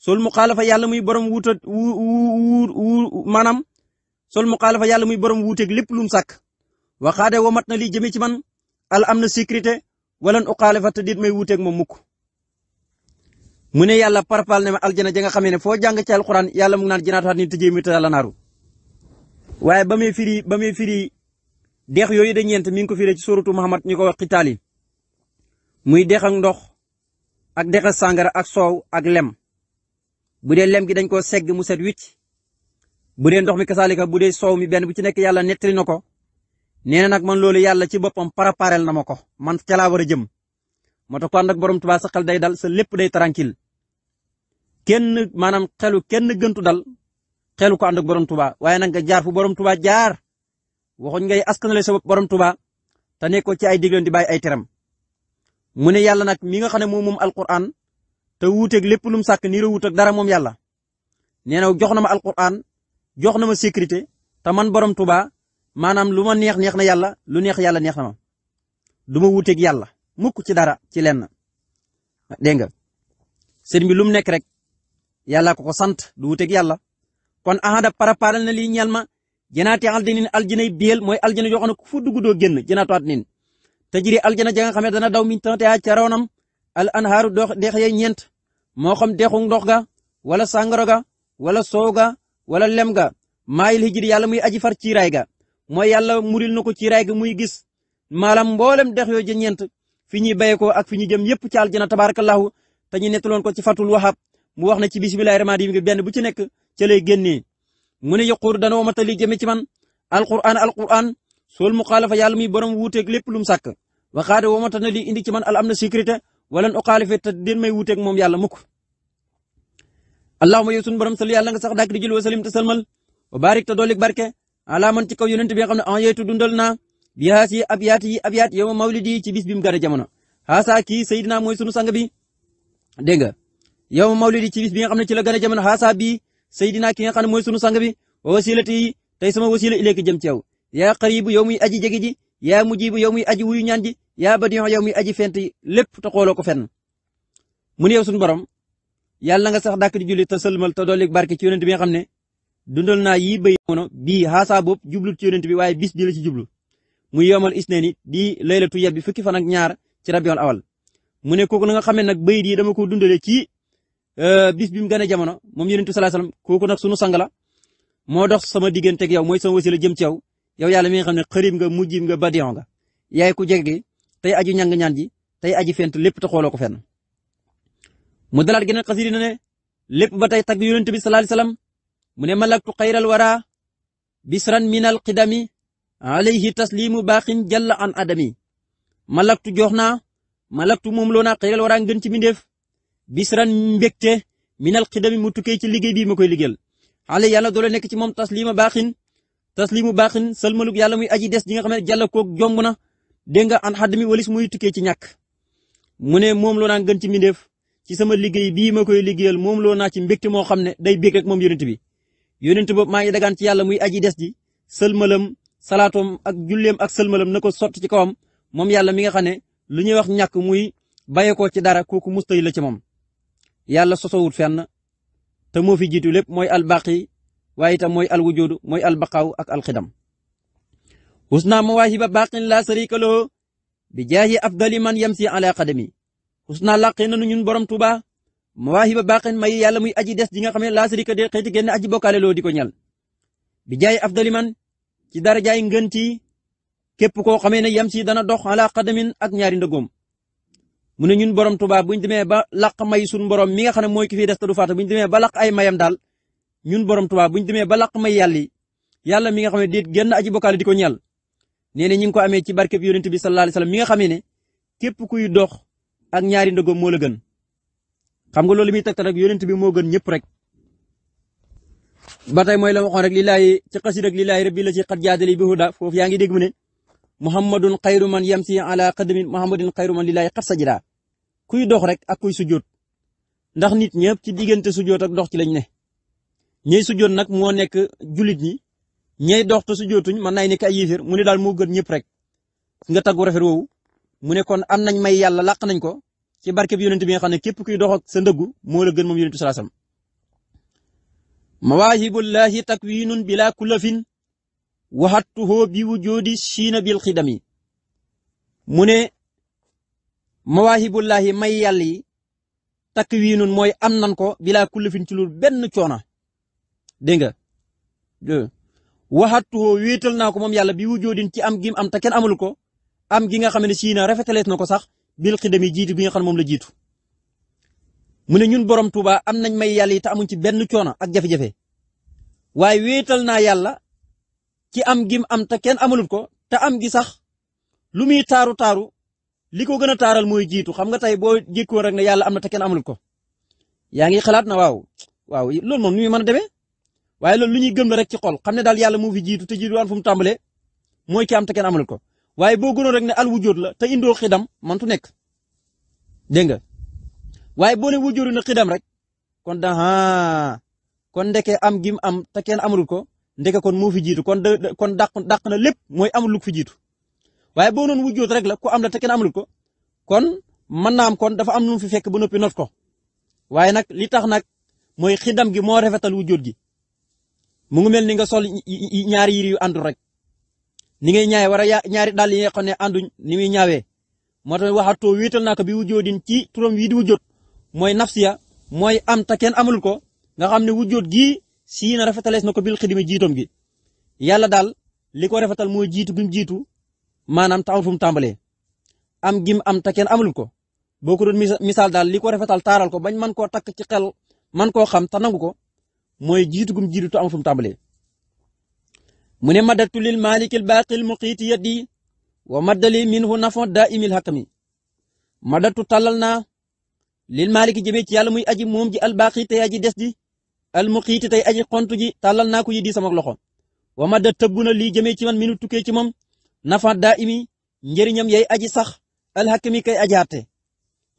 sol mu xaalafa yàlla muy borom wuuta wu sol mu xaalafa yàlla muy borom wuuteeg lépp lum sàkk waxaade wo mat na lii jëmi ci man al am na sécurité walan uqaale fa te dit may wuuteeg moom mukk mu ne yàlla parpal ne ma aljana ja nga xamee ne foo jàng ci alxuraan yàlla mu ngi naan jinaatu xat ni tëjee mi tala naaru waaye ba muy firi ba muy firi deex yooyu de ñeent mi ngi ko firee ci suratu Muhammad ñu ko wax xitaal yi muy deex ak ndox ak deex ak ak soow ak lem bu dee lem gi dañ koo segg mu set wicc bu dee ndox mi kasaalika bu dee soow mi benn bu ci nekk yàlla nettali na ko nee na nag man loolu yàlla ci boppam préparel na ma ko man ca laa war a jëm moo tax ko ànd ak borom tubaa sa xel day dal sa lépp day tranquille kenn maanaam xelu kenn gëntu dal xelu ko ànd ak borom Tuubaa waaye nag nga jaar fu borom tubaa jaar waxuñ ngay askanale sa bopp borom tubaa te nekkoo ci ay digloon di baay ay teram mu ne yàlla nag mi nga xam ne moom moom alquran te wuuteeg lépp lu mu sàkk nii la wuuteeg dara moom yàlla nee na jox na ma alquran jox na ma sécurité te man maanaam lu ma neex neex na yàlla lu neex yàlla neex na ma du ma wuuteeg yàlla mukk ci dara ci lenn dégg nga sëriñ bi lu nekk rek yàlla ko ko sant du wuuteeg yàlla kon ahada paraparal na lii ñeel ma janaati aldinin aljinay biel mooy aljina yoo xam ne ku fu dugg doo génn janaatu aldinin tajiri aljana ja nga xam ne dana daw min tantea ca ronam al anhaaru dox dex ya ñeent moo xam dexu ndox ga wala sàngara ga wala soow ga wala lem ga maayil hijri yàlla muy aji far ciiraay mooy yàlla muril na ko ci ray muy gis maanaam mboolem dex yoo jën ñeent fi ñuy béy ko ak fi ñuy jëm yëpp na aljana tabarakallahu te ñu nettaloon ko ci fatul wahab mu wax na ci bismillahi rahmaani rahiim benn bu ci nekk ca lay génnee mu ne yaquur dana womata li jëme ci man alquran alquran sool mu xaalafa yàlla muy borom wuuteeg lépp lu mu sàkk waxaade womata na li indi ci man al am na sécurité wala nu xaalife te den may wuuteeg moom yàlla mukk allahuma yow sunu borom sal yàlla nga sax dàkk di jël wasalim te salmal alaa man ci kaw yonent bi nga xam ne enjeetu dundal naa bi haas yi yaat yi ab yaat yow ma mawlidi ci bis bi mu gane jamono xaasaa kii Seydina mooy sunu sang bi dégg nga yow ma mawlidi ci bi nga xam ne ci la gane jamono xaasaa bii Seydina ki nga xam ne mooy sunu sang bi wasilati tey sama wasila ilayka jëm ci yow yaa xaribu yow muy aji jege ji yaa mujibu yow muy aji wuyu ñaan ji yaa badiyo yow muy aji fent lépp ta xooloo ko fenn mu ne yow sunu borom yàlla nga sax dàkk di julli te sëlmal te dolli barke ci yonent bi nga xam ne dundal naa yi bay mono bii xaasaa boobu jublu ci yonent bi waaye bis bi la ci jublu muy yomal isneeni di laylatu yab bi fukki fanak ñaar ci rabiul awal mu ne kooku na nga xamee nag bayit di dama ko dundalee ci euh, bis bi mu gane jamono moom yonent bi sallallahu alayhi kooku nag sunu sang la moo dox sama digganteeg yow mooy sama wasila jëm ci yaw yow yàlla mi nga xam ne xarib nga mujjib nga badion nga yaay ku jege gi tey aju ñang ñaan ji tey aji fent lépp te xooloo ko fenn mu dalaat geneen mu ne malaktu xayral wara bisran minal xidami alayhi taslimu baaxin jalla an adami malaktu jox naa malaktu moom loo naa xayral wara ngën ci mbindeef bisran mbégte minal xidami mu tukkee ci liggéey bii ma koy liggéel xale yàlla doole nekk ci moom taslima baaxin taslimu baaxin sëlmaluk yàlla muy aji des ji nga xam ne jàlla koog jomb na dégg nga an xadami walis muy tukkee ci ñàkk mu ne moom loo naa ngën ci mbindeef ci sama liggéey bii ma koy liggéeyal moom loo naa ci mbégte moo xam ne day bég rek moom yonent bi yonent boobu maa ngi dagaan ci yàlla muy aji des ji sëlmalam salaatoom ak julleem ak sëlmalam na ko sotti ci kawam moom yàlla mi nga xam ne lu ñuy wax ñàkk muy bàyyeekoo ci dara kooku mustay la ci moom. yàlla sosowut fenn te moo fi jiitu lépp mooy albaqi waaye itam mooy alwujudu mooy albaqaaw ak alxidam. husna mawaahiba baaqin laa sarika lahu bi jaahi afdali man yamsi ala qadami husna laqi nanu ñun borom Tuuba mawaahiba baaqin may yàlla muy aji des ji nga xam ne laa sharika de xeeti génn aji bokkaale loo di ko ñal bi jaay afdali man ci darajaay ngën ci képp koo xamee ne yam si dana dox ala xadamin ak ñaari ndëggoom mu ne ñun borom Tuubaa bu ñu demee ba laq may suñu borom mi nga xam ne mooy ki fi des te du faata bu ñu demee ba laq ay mayam daal ñun borom Tuubaa bu ñu demee ba laq may yàlla yàlla mi nga xam ne genn génn aji bokkaale di ko ñal nee na ñi ngi ko amee ci barkeb yonent bi sallallahu alayhi wasallam mi nga xam ne képp kuy dox ak ñaari ndëggoom moo la gën xam nga loolu muy tegtal rek yonent bi moo gën ñëpp rek ba tey mooy la waxoon rek lillaahi ci rek ak lillaahi rabbi la ci xat jaadali bi huda foofu yaa ngi dégg mu ne muhammadun xayru man yamsi ala qadamin muhammadun xayru man lillaahi xat sajida kuy dox rek ak kuy sujjóot ndax nit ñëpp ci diggante sujjóot ak dox ci lañ ne ñey sujjóot nag moo nekk julit ñi ñey dox te sujjóotuñ man nay nekk ay yéeféer mu ne daal moo gën ñëpp rek nga taggu rafet woowu mu ne am nañ may yàlla làq nañ ko ci barke bi yonent bi nga xam ne képp kuy dox ak sa ndëggu moo la gën moom yonentu salaasam mawaahibullahi takwinun bila kulafin waxattuhoo bi wujoodi siina bil xidami mu ne mawaahibullahi may yàlla yi takk wii takwinun mooy am nan ko bila kulafin ci lul benn coona dégg nga waxattuhoo wéetal naa ko moom yàlla bi wujoodin ci am gim am te kenn amul ko am gi nga xam ne siina rafetalees na ko sax bil xidam yi jiitu bi nga xam moom la jiitu mu ne ñun borom Touba am nañ may yàlla yi amuñ ci benn coono ak jafe-jafe waaye wéetal naa yàlla ci am gim am te kenn amalut ko te am gi sax lu muy taaru taaru li ko gën a taaral mooy jiitu xam nga tey boo jékkoon rek ne yàlla am na te kenn amalut ko yaa ngi xalaat na waaw waaw loolu moom nu muy mën a demee waaye loolu lu ñuy gëm la rek ci xol xam ne daal yàlla moo fi jiitu te jiitu waan fu mu tàmbalee mooy ki am te amalut ko waaye boo gënoon rek ne al wujud la te indoo man mantu nekk dégg nga waaye boo ne wujud na xidam rek kon da kon ndeke am gim am te kenn amul ko ndeke kon mu fi jiitu kon da kon dàq dàq na lépp mooy am lu fi jiitu waaye boo noon wujud rek la ko am la te kenn amul ko kon mën naa am kon dafa am lu fi fekk ba noppi not ko waaye nag li tax nag mooy xidam gi moo rafetal wujud gi mu ngi mel ni nga sol ñaari yiri yu àndul rek. ni ngay ñaawee war a ñaari dàll yi nga xam ne ànduñ ni muy ñaawee moo tax waxatoo wéetal naa ko bi wujjoo din ci turam wii di wujjoot mooy nafsiya mooy am te kenn amul ko nga xam ne wujjoot gi sii na rafetalees na ko bil xidimi jiitoom gi yàlla daal li ko rafetal mooy jiitu gim jiitu maanaam taxul fu mu tàmbalee am gim am te kenn ko boo ko doon misaal daal li ko rafetal taaral ko bañ man koo takk ci xel man koo xam ta nangu ko mooy jiitu gum jiitu te amul fu mu tàmbalee mu ne madattu lil maalikil baaqil muqiiti yaddi wa maddali minhu nafon daa imil xakami madattu tàllal naa lil maaliki jëmee ci yàlla muy aji moom ji al baaqi tey aji des ji al muqiiti tey aji xontu ji tàllal naa ko yi sama loxo wa madda tëbbu na lii jëmee ci man minu tukkee ci moom nafon daa imi njëriñam yay aji sax al xakami kay ajaate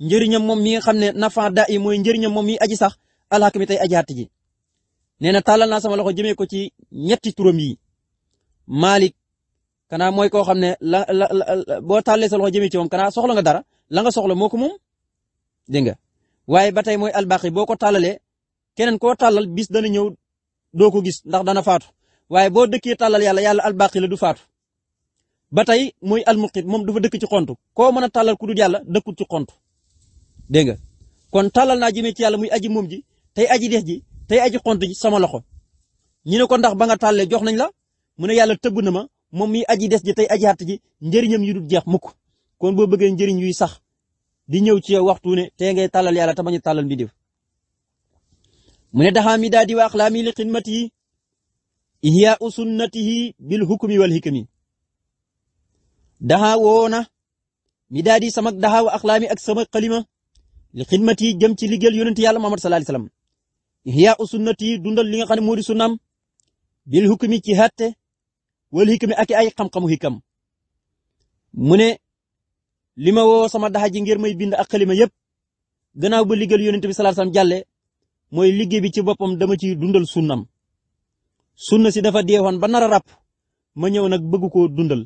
njëriñam moom mi nga xam ne nafon daa imi mooy njëriñam moom mi aji sax al xakami tey ajaate ji nee na tàllal naa sama loxo jëmee ko ci ñetti turam yi. Malik kanaa mooy koo xam ne la la la boo tàllee sa loxo jëmee ci moom kanaa soxla nga dara la nga soxla moo ko moom dégg nga waaye ba tey mooy albaqi boo ko tàllalee keneen koo tàllal bis dana ñëw doo ko gis ndax dana faatu waaye boo dëkkee tàllal yàlla yàlla albaqi la du faatu ba tey mooy almuqit moom du fa dëkk ci xontu koo mën a tàllal ku dul yàlla dëkkul ci xontu dégg nga kon tàllal naa jëmee ci yàlla muy aji moom ji tey aji dex ji tey aji xont ji sama loxo ñu ne ko ndax ba nga tàllee jox nañ la mu ne yàlla tëbb na ma moom mi aji des ji tey aji hàtt ji njëriñam yu dul jeex mukk kon boo bëggee njëriñ yuy sax di ñëw ci yow waxtu ne tey ngay tàllal yàlla te bañu tàllal mbindeef mu ne daxaami daa di waax laa mi li xidmati yi ihya usunnatihi bil hukmi wal hikmi daxaa woona mi daa di sama daxaaw axlaami ak sama xalima li xidmati yi jëm ci liggéeyal yonent yàlla Muhammad sallallahu alayhi wasallam usunnati dundal li nga xam sunnaam bil hukmi ci hàtte wala hikami ak i ay xam-xamu hikam mu ne li ma woo sama daxa ji ngir may bind ak xalima yëpp gannaaw ba liggéeyal yonent bi sallallahu alayhi wasallam jàlle mooy liggéey bi ci boppam dama ci dundal sunnam sunna si dafa deewoon ba nar ma ñëw nag bëgg koo dundal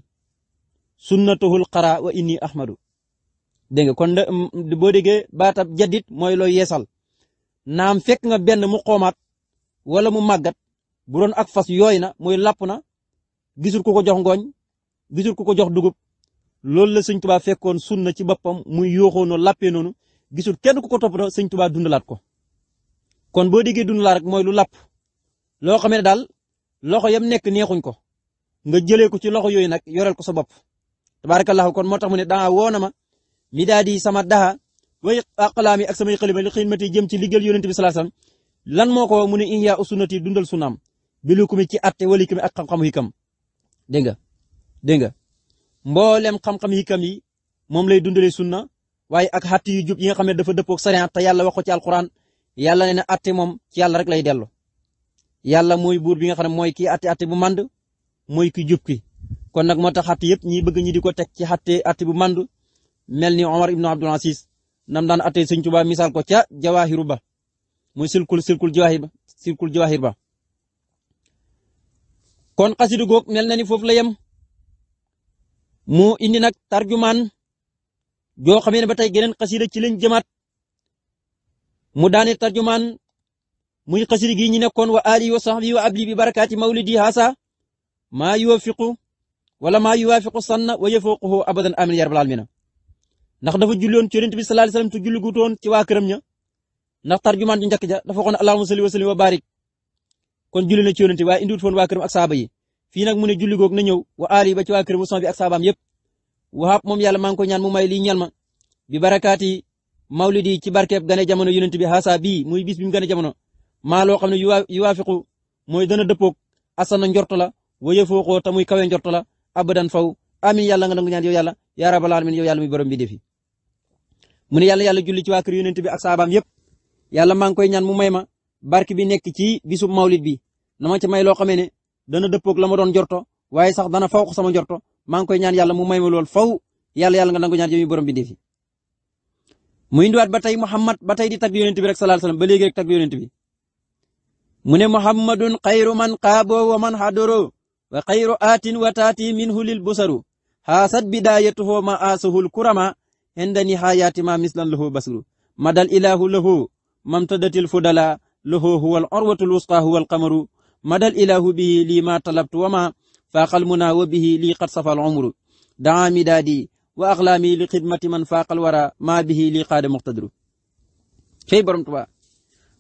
sunnatuhul xara wa inni ahmadu dégg nga kon mm, mm, boo déggee baatab jaddit mooy looy yeesal am fekk nga benn mu xoomaat walla mu màggat bu doon ak fas yooy na mooy làpp na gisul ku ko jox ngooñ gisul ku ko jox dugub loolu la sëñ tubaa fekkoon sunna ci boppam muy yooxoo noonu làppee noonu gisul kenn ku ko toppatoo sëñ tubaa dundalaat ko kon boo déggee dundalaat rek mooy lu làpp loo xam ne daal loxo yam nekk neexuñ ko nga jële ko ci loxo yooyu nag yoreel ko sa bopp tabaarakallaahu kon moo tax mu ne daa woona ma mi daa di sama daxa way aqlaami ak samay xalima li xidmati jëm ci liggéeyal yonent bi sallallahu alayhi wasallam lan moo ko mu ne ihya usunnati dundal sunnaam bi lu ko mi ci atte wali ak xam-xamu dégg nga dégg nga mboolem xam-xam hikam yi moom lay dundalee sunna waaye ak àtte yu yi nga xam ne dafa dëppoo ak sariya yàlla wax ko ci alquran yàlla ne na àtte moom ci yàlla rek lay dello yàlla mooy buur bi nga xam ne mooy kii àtte àtte bu mànd mooy ki jub ki kon nag moo tax àtte yëpp ñi bëgg ñi di ko teg ci àtte àtte bu mànd mel ni Omar ibnu Abdul Aziz nam daan àtte Sëñ Tuubaa misaal ko ca jawaahiru ba muy silkul silkul jawaahir ba silkul jawaahir ba kon xasida goog mel na ni foofu la yem moo indi nag tarjumaan joo xamee ne ba tey geneen xasida ci lañ jëmaat mu daane tarjumaan muy xasida gi ñu nekkoon wa ali wa sahbi wa abli bi barakaati mawlidi haasa maa yuwafiqu wala maa yuwafiqu sanna wa yafuquhu abadan amin ya rabbal alamina ndax dafa julloon ci yonent bi sallallahu alayhi wasallam te julli gutoon ci waa këram ña ndax tarjumaan ju njëkk ja dafa waxoon allahumma salli wa sallim wa barik kon julli na ci yonent waaye indiwut foon waa këram ak saaba yi fii nag mu ne julli goog na ñëw wa aali ba ci waa këram mu bi ak saabaam yëpp waxaab moom yàlla maa ngi ko ñaan mu may lii ñal ma bi barakaati mawlidi ci barkeeb gane jamono yonent bi xaasa bii muy bis bi mu gane jamono maa loo xam ne yu waafiqu mooy dana dëppoog asana njorto la waye fooxoo ta muy kawe njorto la abadan faw amin yàlla nga nangu ñaan yow yàlla yaa rabbal alamin yow yàlla muy borom bi defi mu yàlla yàlla julli ci waa kër yonent bi ak saabaam yëpp yàlla ngi koy ñaan mu may ma barke bi nekk ci bisu mawlid bi na ma ca may loo xamee ne dana dëppoog la ma doon jorto waaye sax dana faw sama jorto maa ngi koy ñaan yàlla mu may ma lool faw yàlla yàlla nga nangu ñaan jëmi borom bi ndefi mu indiwaat ba tey Muhammad ba tey di tagg yonent bi rek sallallahu alayhi wasallam ba léegi rek tagg bi mu ne Muhammadun xayru man qaaboo wa man xadoro wa xayru aatin wa taati minhu lil busaru xaasat bidaayatuhu ma aasuhul kurama inda nihaayati ma mislan lahu basru madal lahu huwa al urwatu al wusqa huwa al qamaru madal ilahu bihi lii ma talabtu wa ma faaqal muna wa bihi lii qad wa axlaami man faaqal wara ma bihi lii qaada muqtadiru cey borom tuba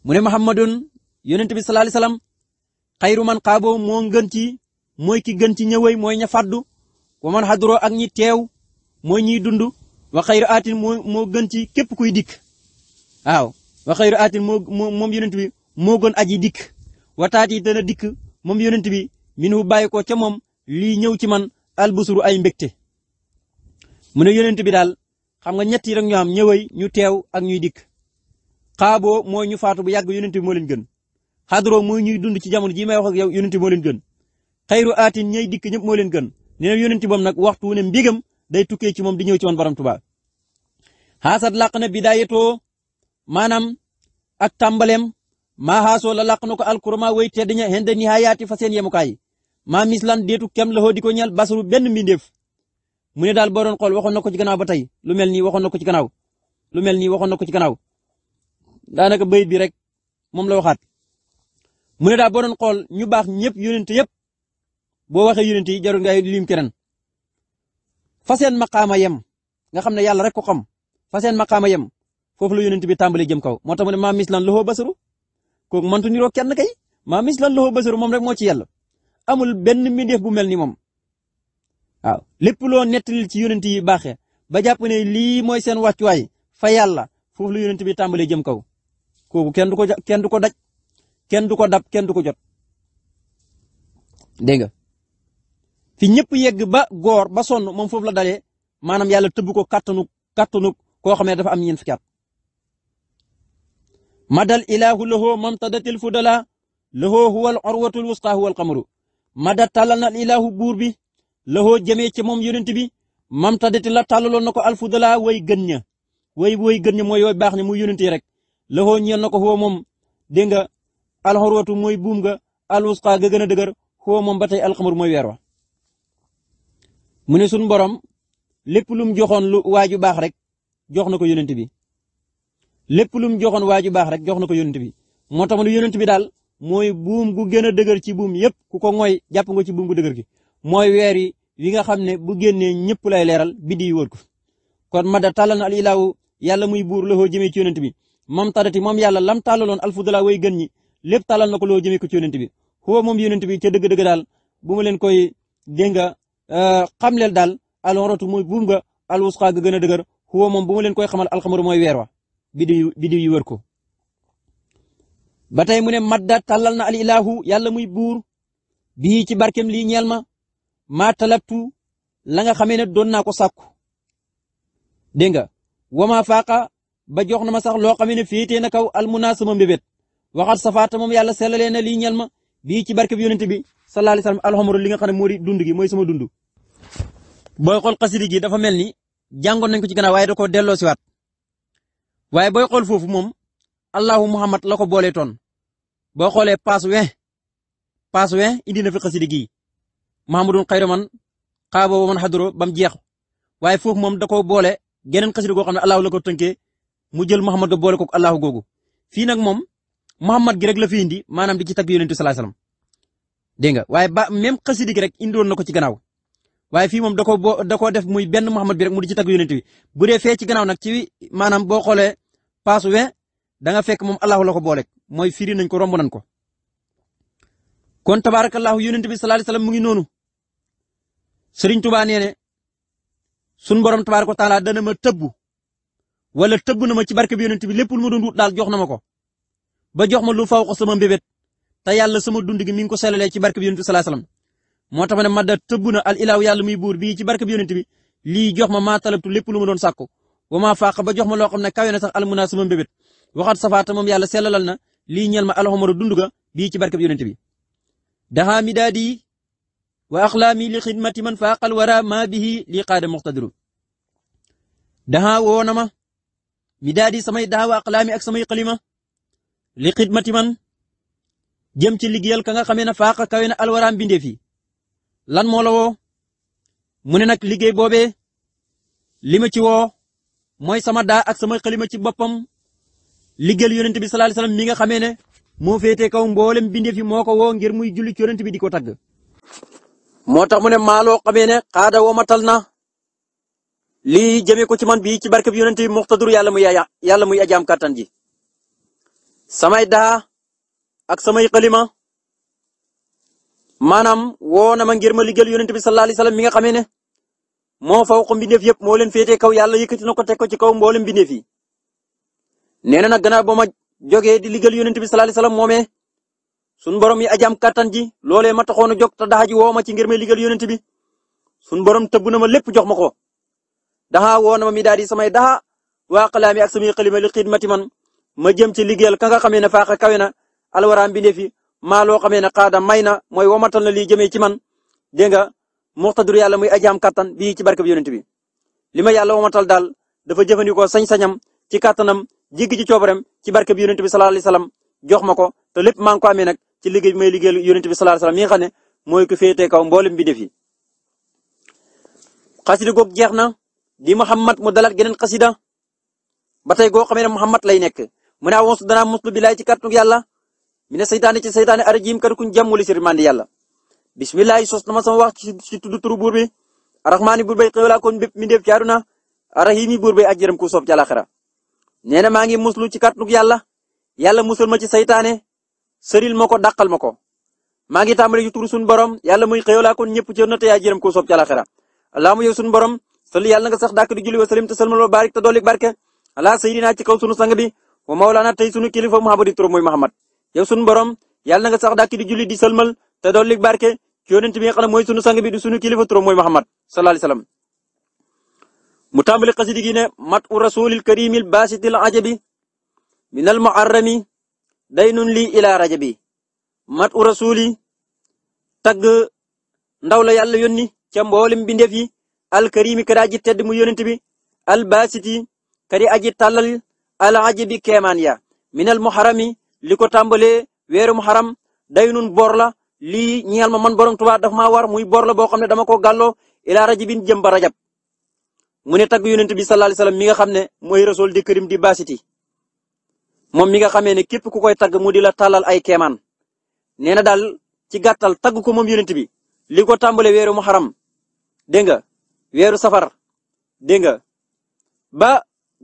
mu ne muhammadun yonent bi sallallahu alayhi man xaaboo moo ngën ci mooy ki gën ci ñëwee mooy ña fàddu wa man xaduroo ak ñi teew mooy ñiy dund wa xayru aatin moo moo gën ci képp kuy dikk waaw wa xayru aatin moo moom yonent bi moo gën aji dikk wataati dana dikk moom yonent bi minhu bàyyi ko ca moom lii ñëw ci man albusuru ay mbégte mu ne yonent bi daal xam nga ñett yi rek ñu am ñëway ñu teew ak ñuy dikk xaaboo mooy ñu faatu bu yàgg yonent bi moo leen gën xadroo mooy ñuy dund ci jamono jii may wax ak yow yonent bi moo leen gën xayru aatin ñay dikk ñëpp moo leen gën nee na yonent bam nag waxtu wu ne mbigam day tukkee ci moom di ñëw ci man borom Tuubaa xaasat làq maanaam ak tàmbaleem maa xaasoo la làq na ko alkurama way tedd ña hende nihayaati fa seen yemukaay maa mislan deetu kem la xoo di ko ñeel basaru benn mbindeef mu ne daal boo doon xool waxoon na ko ci gannaaw ba tey lu mel ni waxoon na ci gannaaw lu mel nii waxoon na ko ci gannaaw daanaka bayit bi rek moom la waxaat mu ne daal boo doon xool ñu baax ñëpp yonent yëpp boo waxee yonent yi jarul ngay lim keneen fa seen maqaama yem nga xam ne yàlla rek ko xam fa seen maqaama yem foofu la yonent bi tàmbalee jëm kaw moo tax mu ne maa mislan loxoo basaru kooku mëntu niroo kenn kay maa mislan loxoo basaru moom rek moo ci yàlla amul benn mbindeef bu mel ni moom waaw lépp loo nettali ci yonent yi baaxee ba jàpp ne lii mooy seen wàccuwaay fa yàlla foofu la yonent bi tàmbalee jëm kaw kooku kenn du ko kenn du ko daj kenn du ko dab kenn du ko jot dégg nga fi ñëpp yegg ba góor ba sonn moom foofu la dalee maanaam yàlla tëbb ko kattanu kattanu koo xam ne dafa am ñeent fukki at madal ilaahu lahoo mamtadatil fudala lahoo huwal orwatul wusqa huwal xamaru madal tàllal na ilaahu buur bi lahoo jëmee ci moom yonent bi mamtadati la tàllaloon na ko alfudala way gën ña way way gën ña mooy yooyu baax ne muy yonent rek lahoo ñeel na ko huwa moom dégg nga alxorwatu mooy buum nga alwusqa ga gën a dëgër huwa moom ba tey alxamaru mooy weer wa mu ne sunu borom lépp lu joxoon lu waaju baax rek jox na ko yonent bi lépp lu mu joxoon waa ju baax rek jox na ko yonent bi moo tax ma ne bi daal mooy buum gu gën a dëgër ci buum yépp ku ko mooy jàpp nga ci buum gu dëgër gi mooy weer yi wi nga xam ne bu génnee ñëpp lay leeral biddi yi wër ko kon mada tàllal na al yàlla muy buur loxoo jëmee ci yonent bi mam tadati moom yàlla lam tàllaloon alfudala woy gën ñi lépp tàllal na ko loo jëmee ko ci yonent bi xuwa moom yonent bi ca dëgg-dëgg daal bu leen koy dégg nga euh, xamleel daal alxoratu mooy buum nga alwusqa ga gën a dëgër moom bu leen koy xamal alxamaru mooy weer wa bidiw bidiw yi wër ko ba tey mu ne madda tàllal na al ilahu yàlla muy buur bii ci barke lii ñeel ma maa talabtu la nga xamee ne doon naa ko sàkku dégg nga wama faaqa ba jox na ma sax loo xamee ne féetee na kaw almuna sama mbébét waxat safaata moom yàlla sellalee na lii ñeel ma bii ci barke bi yonent bi sallallahu alayhi wa sallam alxamru li nga xam ne moo di dund gi mooy sama dund. booy xool xasidi gi dafa mel ni jàngoon nañ ko ci gannaaw waaye da koo delloo siwaat waaye booy xool foofu moom allahu muhammad la ko boolee toon boo xoolee paas we paas we indi na fi xasida gii mahamadun xayra man xaaboo ba man xaduro bam jeex waaye foofu moom da koo boole geneen xasida goo xam ne allahu la ko tënkee mu jël muhammad ga boole ko allahu googu fii nag moom muhammad gi rek la fi indi maanaam di ci tagg yonentu salaay salaam dégg nga waaye ba même xasida gi rek indiwoon na ko ci gannaaw waaye fii moom da koo boo da koo def muy benn muhammad bi rek mu di ci tagg yonent bi bu dee ci gannaaw nag ci maanaam boo xoolee paas we danga fekk moom allahu la ko booleeg mooy firi nañ ko romb nañ ko. kon tabaarakallahu yonent bi sallallahu alayhi wasallam mu ngi noonu Serigne Touba nee ne sunu borom tabaaraka taala dana ma tëbbu wala tëbbu na ma ci barke bi yonent bi lépp lu ma doon wut daal jox na ma ko ba jox ma lu faw ko sama mbébét te yàlla sama dund gi mi ko sellalee ci barke bi yonent bi sallallahu moo tax ma ne ma da tëbbu na al ilaahu yàlla muy buur bii ci barke bi bi lii jox ma maa talabtu lépp lu ma doon sàkku wa maa faaqa ba jox ma loo xam ne kawe na sax almunaa sama mbébét waxaat safaata moom yàlla sellalal na lii ñeel ma alxamaru dund ga bii ci barkeb yonent bi daxaa mi daa di wa axlaami li xidmati man faaqal wara maa bihi lii qaada muxtadiru daxaa woo na ma mi daa di samay daxaa wa axlaami ak samay xalima li xidmati man jëm ci liggéeyal ka nga xamee ne faaqa kawe na alwaraam bindee fi lan moo la woo mu ne nag liggéey boobee ci woo mooy sama daa ak sama xalima ci boppam liggéeyal yonent bi sallallahu alayhi mi nga xamee ne moo féetee kaw mboolem bindee fi moo ko woo ngir muy julli ci bi di ko tagg. moo tax mu ne maaloo xamee ne xaada womatal na li jëmee ko ci man bii ci barke bi yonent bi muxtadur yàlla muy ya yàlla muy ajaam kàttan ji. samay daa ak samay xalima maanaam woo na ma ngir ma liggéeyal yonent bi sallallahu alayhi mi nga xamee ne. moo faw ko mbindeef yëpp moo leen féetee kaw yàlla yëkkati na ko teg ko ci kaw mboolem mbindeef yi. na nag gannaaw ba ma jogee di liggéeyal yonent bi sallallahu alayhi wasallam moomee sunu borom yi ajaam kattan ji loolee ma taxoon a jóg te daxa ji woo ma ci ngir may liggéeyal yonent bi sunu borom tëbb na ma lépp jox ma ko. daxa woo na ma daal di samay daxa waa xalaami ak samay xalima li xidmati man ma jëm ci liggéeyal ka nga xamee ne faaxa kawe na alwaraam mbindeef yi maa loo xamee ne xaada may na mooy womatal na lii jëmee ci man nga muxtadir yàlla muy ajaam kattan bii ci barke bi yonent bi li ma yàlla womatal daal dafa jëfandikoo sañ-sañam ci kattanam jiggi ci coobareem ci barke bi yonent bi sallallahu alayhi wasallam jox ma ko te lépp maa ngi ko amee nag ci liggéey bi may liggéeyal yonent bi sallallahu alayhi wasallam mi nga ne mooy ko féetee kaw mboolem bi def yi xasida goog jeex na di Muhammad mu dalaat geneen xasida ba tey goo xamee ne Muhammad lay nekk mu ne awonsu danaa muslu billaay ci kàttu yàlla mi ne seytaane ci seytaane arajim kadu kuñ jàmmuli si rimandi yàlla bismillahi sos na ma sama wax ci ci tudd turu buur bi arrahmaani buur bay xéewalaa kon bépp ku soob ci alaxira nee muslu ci kàttug yàlla yàlla musal ma ci saytaane sëril ma ko dàqal ma ko maa ngi tàmbali ci turu suñu borom yàlla muy xéewalaa kon ñëpp ci àdduna te yaa jërëm ku soob ci alaxira allahumma yow suñu borom salli yàlla sax dàkk di julli wa salim te salmal wa barik te dolli barke ala sayidina ci kaw sunu sang bi wa maulana tey sunu kilifa te dolli barke ci yonent bi nga xam mooy sunu sang bi di sunu kilifa turam mooy Muhammad sallallahu alayhi mu tàmbali xasidi gi ne mat u rasulil karimil basitil ajabi minal day daynun li ilaa rajabi mat u rasuli tagg ndaw la yàlla yónni ca mboolem bindeef al karimi kadi aji tedd mu yonent bi al basiti kadi aji tàllal al ajabi keemaan ya minal muharami li ko tàmbalee weeru muharam daynun bor la lii ñeel ma man borom Tuubaa daf maa war muy bor la boo xam ne dama koo gàlloo ilaa rajabin jëm ba rajab mu ne tagg yonent bi sallallahu alayhi wasallam mi nga xam ne mooy rasul di kërim di baasiti moom mi nga xamee ne képp ku koy tagg mu di la tàllal ay keemaan nee na daal ci gàttal tagg ko moom yonent bi li ko tàmbale weeru muharam dégg nga weeru safar dégg nga ba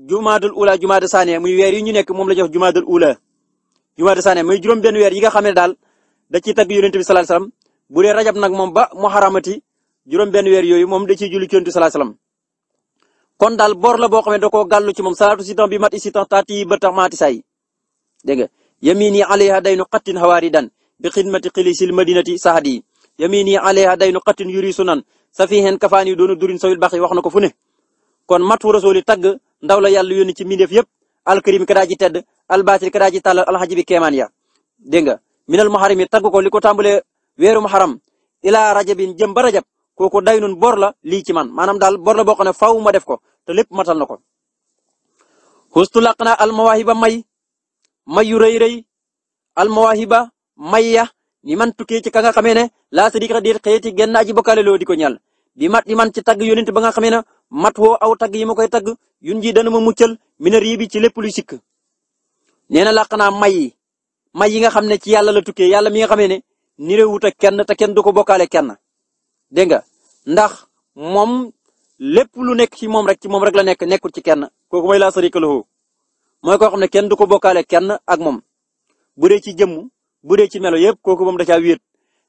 jumaadul ula jumaadu saane muy weer yi ñu nekk moom la ñuy wax jumaadul ula jumaadu saane muy juróom benn weer yi nga xam ne daal da ciy tagg yonent bi sallallahu alayhi wasallam bu dee rajab moom ba muharramati juróom benn weer yooyu moom da ciy julli ci yonent bi sallallahu alayhi wasallam kon daal boor la boo xam ne da koo gàllu ci moom salaatu si temps bi mat si temps taat yi ba tax maati saa yi dégg nga yamini alayha daynu xattin xawaaridan bi xidmati xilisil madinati sahadi yamini alayha daynu xattin yuri sunan safihen kafaani doonu durin sawil baxi wax na ko fu ne kon mat wu rasooli tagg ndaw la yàlla yónni ci mbindeef yëpp alkarim kadaa ji tedd albatil kadaa ji tàllal alxaji bi keemaan ya dégg nga minal muharimi tagg ko li ko tàmbalee weeru muharam ilaa rajabin jëm ba rajab kooku day nun bor la lii ci man maanaam daal bor la boo xam ne faaw ma def ko te lépp matal na ko. xustu laq naa almawaahiba may mayu rëy rëy almawaahiba maya ni man tukkee ci ka nga xamee ne laa sadiqa déet xeeti genn aji bokkaale loo di ko ñal bi mat i man ci tagg yonent ba nga xamee ne mat woo aw tag yi ma koy tagg yun ji dana ma muccal mina riibi ci lépp luy sikk nee na laq naa may may yi nga xam ne ci yàlla la tukkee yàlla mi nga xamee ne nireewut ak kenn te kenn du ko bokkaale kenn dégg nga ndax moom lépp lu nekk ci moom rek ci moom rek la nekk nekkul ci kenn kooku mooy laa sarika lahu mooy koo xam ne kenn du ko bokkaale kenn ak moom bu dee ci jëmm bu dee ci melo yëpp kooku moom da caa wéet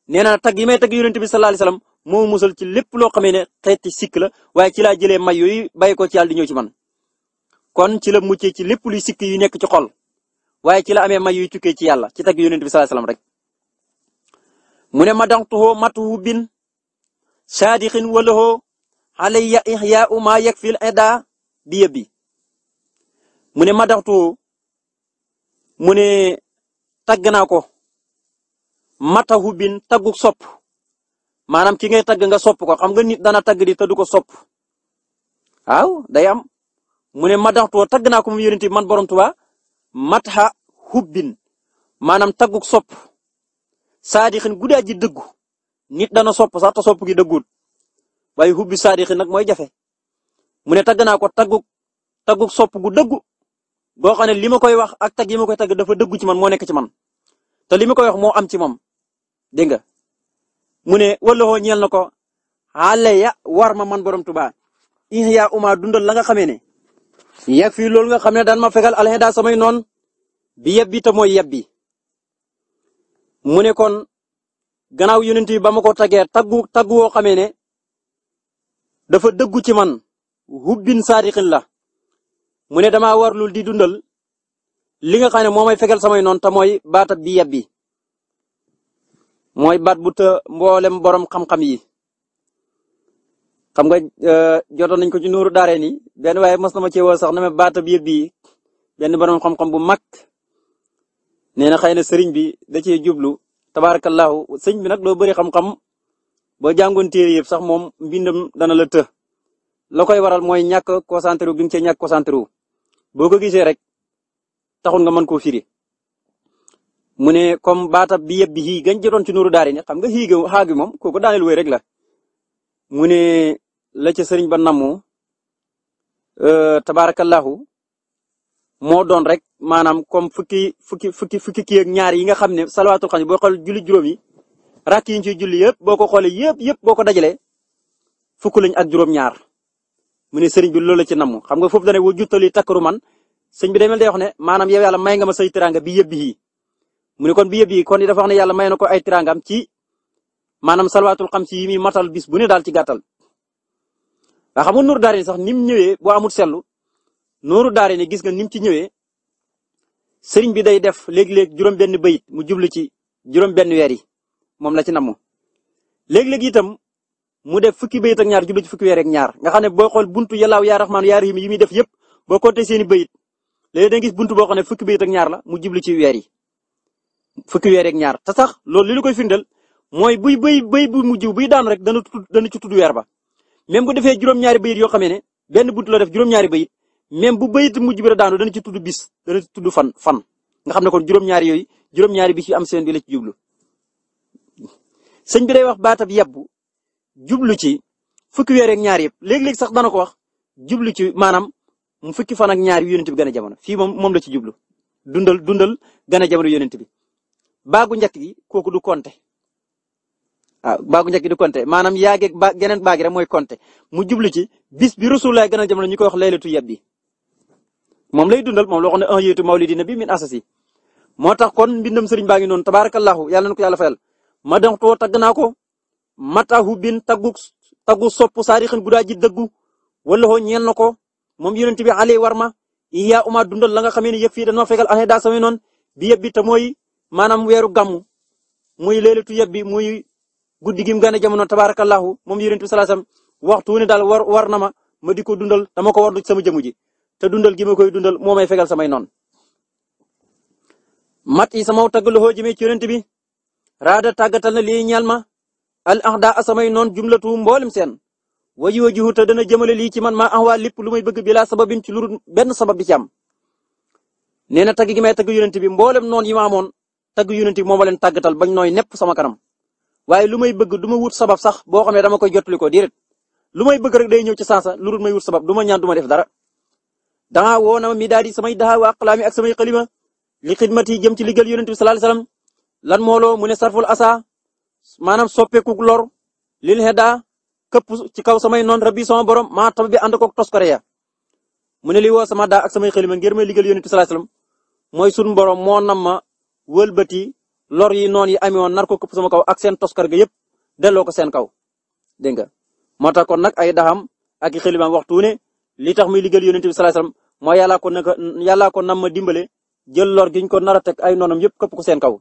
nee naa tag yi may tag yonent bi sallallahu alayhi wasallam moo musal ci lépp loo xamee ne xeeti sikk la waaye ci laa jëlee may yooyu bàyyi ko ci yàlla di ñëw ci man kon ci la mucce ci lépp luy sik yi nekk ci xol waaye ci la amee may yuy tukkee ci yàlla ci tagg yonent bi sallallahu rek mu ne madantuhu matuhu bin saadiqin walahu alayya ihyaa'u ma yakfil ida bi yëbbi mu ne madaxtu mu ne tagg naa ko matahu bin taggu sopp maanaam ki ngay tagg nga sopp ko xam nga nit dana tagg di te du ko sopp waaw day am mu ne madaxtu tagg naa ko mu yonent man borom Tuubaa matxa hubbin maanaam tagguk sopp saadixin guddaa ji dëggu nit dana sopp sax te sopp gi dëggul waaye hubbi saadixin nag mooy jafe mu ne tagg naa ko tagguk tagguk sopp gu dëggu goo xam ne li ma koy wax ak tag yi ma koy tagg dafa dëggu ci man moo nekk ci man te li ma koy wax moo am ci moom dégg nga mu ne wala ñeel na ko xaale war ma man borom Tuubaa ya uma dundal la nga xamee ne yegg fii loolu nga xam ne daan ma fegal alxem daa samay noon bi yeb bi te mooy bi mu ne kon gannaaw yonent bi ba ma ko tagee taggu taggu woo xamee ne dafa dëggu ci man hubbin saadiqin la mu ne damaa warlul di dundal li nga xam ne moo may fegal samay noon ta mooy baatab bi yeb bi mooy baat bu të mboolem borom xam-xam yi xam nga euh, jotoon nañ ko ci nuuru daare ni benn waaye mos na ma cee woo sax na ma baata biir bii benn borom xam-xam bu mag nee na xëy na sëriñ bi da cee jublu tabaarakallaahu sëñ bi nag doo bëri xam-xam boo jàngoon téere yëpp sax moom mbindam dana la të. la koy waral mooy ñàkk concentré wu gi nga cee ñàkk concentré wu boo ko gisee rek taxul nga mën ko firi. mu ne comme baata bi yëpp bi xii gañ jotoon ci nuuru daare ni xam nga xii gi xaagi moom kooku daaneel wéy rek la. mu ne la ca sëriñ ba namu euh, tabaarakallahu moo doon rek maanaam comme fukki fukki fukki fukki kii ak ñaar yi nga xam ne salawaatul xamsi boo xool julli juróom yi rakk yi ñu ciy julli yëpp boo ko xoolee yëpp yëpp boo ko dajalee fukk lañ ak juróom-ñaar mu ne sëriñ bi loolu ci namu xam nga foofu da ne wa juttali takkaru man bi demel day wax ne maanaam yow yàlla may nga ma say tiranga bi yëpp yi mu ne bi yëpp yi kon dafa wax yàlla may na ko ay tirangam ci maanaam salawaatul xamsi yi muy matal bis bu ne daal ci gàttal. nga xamul nuuru sax ni mu ñëwee boo amul sellu nuuru daara ni gis nga nim ci ñëwee sëriñ bi day def léeg-léeg juróom-benn bayit mu jublu ci juróom-benn weer yi moom la ci namu. léeg-léeg itam mu def fukki bayit ak ñaar jublu ci fukki weer ak ñaar nga xam ne booy xool buntu yàllaaw yaa raxmaan yaa raxiim yi muy def yëpp boo compter seeni bayit léeg-léeg gis bunt boo xam ne fukki bayit ak ñaar la mu jublu ci weer yi fukki weer loolu koy firndeel mooy buy bëy bëy bu mujj buy daan rek dana tudd dana ci tudd weer ba même bu defee juróom-ñaari bayit yoo xamee ne benn bunt la def juróom-ñaari bayit même bu bayit mujj bi la daanu dana ci tudd bis dana ci tudd fan fan nga xam ne kon juróom-ñaari yooyu juróom-ñaari bi ci am seen bi la ci jublu sëñ bi day wax baatab yebbu jublu ci fukki weer ak ñaar yëpp léeg-léeg sax dana ko wax jublu ci maanaam mu fukki fan ak ñaar yu yonent bi gën jamono fii moom moom la ci jublu dundal dundal gana a jamono yonent bi baagu njëkk gi kooku du compter waaw ah, baa gu njëkk di maanaam yaa geeg ba geneen baa gi rek mooy compter mu jublu ci bis bi rasulullah gën a jamono ñu koy wax laylatu yabbi dundal moom loo xam ne un yeetu bi nabi min asasi moo tax kon mbindam sëriñ baa noon noonu tabaarakallahu yàlla na ko yàlla fayal ma dem too tagg naa ko matahu bin taggu taggu soppu saarixin gudaa ji dëggu wala xoo ñeel na ko moom yonent bi alee war ma yaa uma dundal la nga xamee ne yëpp fii dañoo fegal année daa samay noonu bi yëpp bi te mooy maanaam weeru gàmmu guddi gi mu gane jamono tabaarakallahu moom yonent bi salaasam waxtu wu ne daal war war na ma di ko dundal dama ko war du sama jëmu ji te dundal gi ma koy dundal moo may fegal samay noon mat yi sama tagg loxoo jëmee ci yonent bi raada tàggatal na lii ñeel ma al ahda samay noon jumlatu mboolem seen waji wajihu te dana jëmale lii ci man maa ahwaa lépp lu may bëgg bilaa sababin ci lu benn sabab bi ci am nee na tagg gi may tagg yonent bi mboolem noon yi ma amoon tagg yonent bi moo ma leen tàggatal bañ nooy nepp sama kanam waaye lu may bëgg du ma wut sabab sax boo xamee dama koy jottali ko lu may bëgg rek day ñëw ci sansa lu dul may wut sabab du ma ñaan du ma def dara danga woo na mi daal di samay daha wa aqlaami ak samay xalima li xidmati jëm ci liggéeyal yonent bi sallallahu alayhi wasallam lan mooloo mu ne sarful asa maanaam soppeeku lor li heda këpp ci kaw samay noon rabbi sama borom maa tab bi ànd koog ko ya mu ne li woo sama daa ak samay xalima ngir may liggal yonent bi sallallahu alayhi wasallam mooy sunu borom moo nam ma wëlbati lor yi noon yi amee woon nar ko këpp sama kaw ak seen toskar ga yëpp delloo ko seen kaw dégg nga moo tax kon nag ay daxam ak i xelimaam waxtu ne li tax muy liggéeyal yonent bi sallallahu alayhi wasallam moo yàllaa ko naka yàllaa ko nam ma dimbale jël lor giñ ko nar a teg ay noonam yëpp këpp ko seen kaw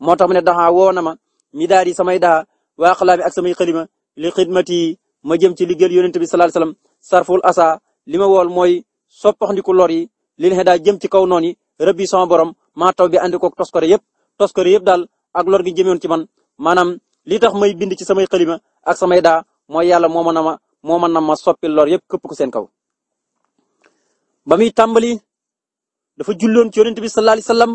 moo tax mu ne daxaa woo na ma mi daal di samay daxa waa xalaami ak samay xelima li xidmati ma jëm ci liggéeyal yonent bi sallallahu alayhi wasallam sarful asa li ma wool mooy soppaxndiku lor yi li leen jëm ci kaw noon yi rëbbi sama borom maa taw bi andi yëpp toskor yëpp daal ak lor gi jëmewoon ci man maanaam li tax may bind ci samay xalima ak samay daa mooy yàlla moo mën a ma moo mën a ma soppi lor yëpp këpp ko seen kaw. ba muy tàmbali dafa julloon ci yonent bi sallallahu alayhi wasallam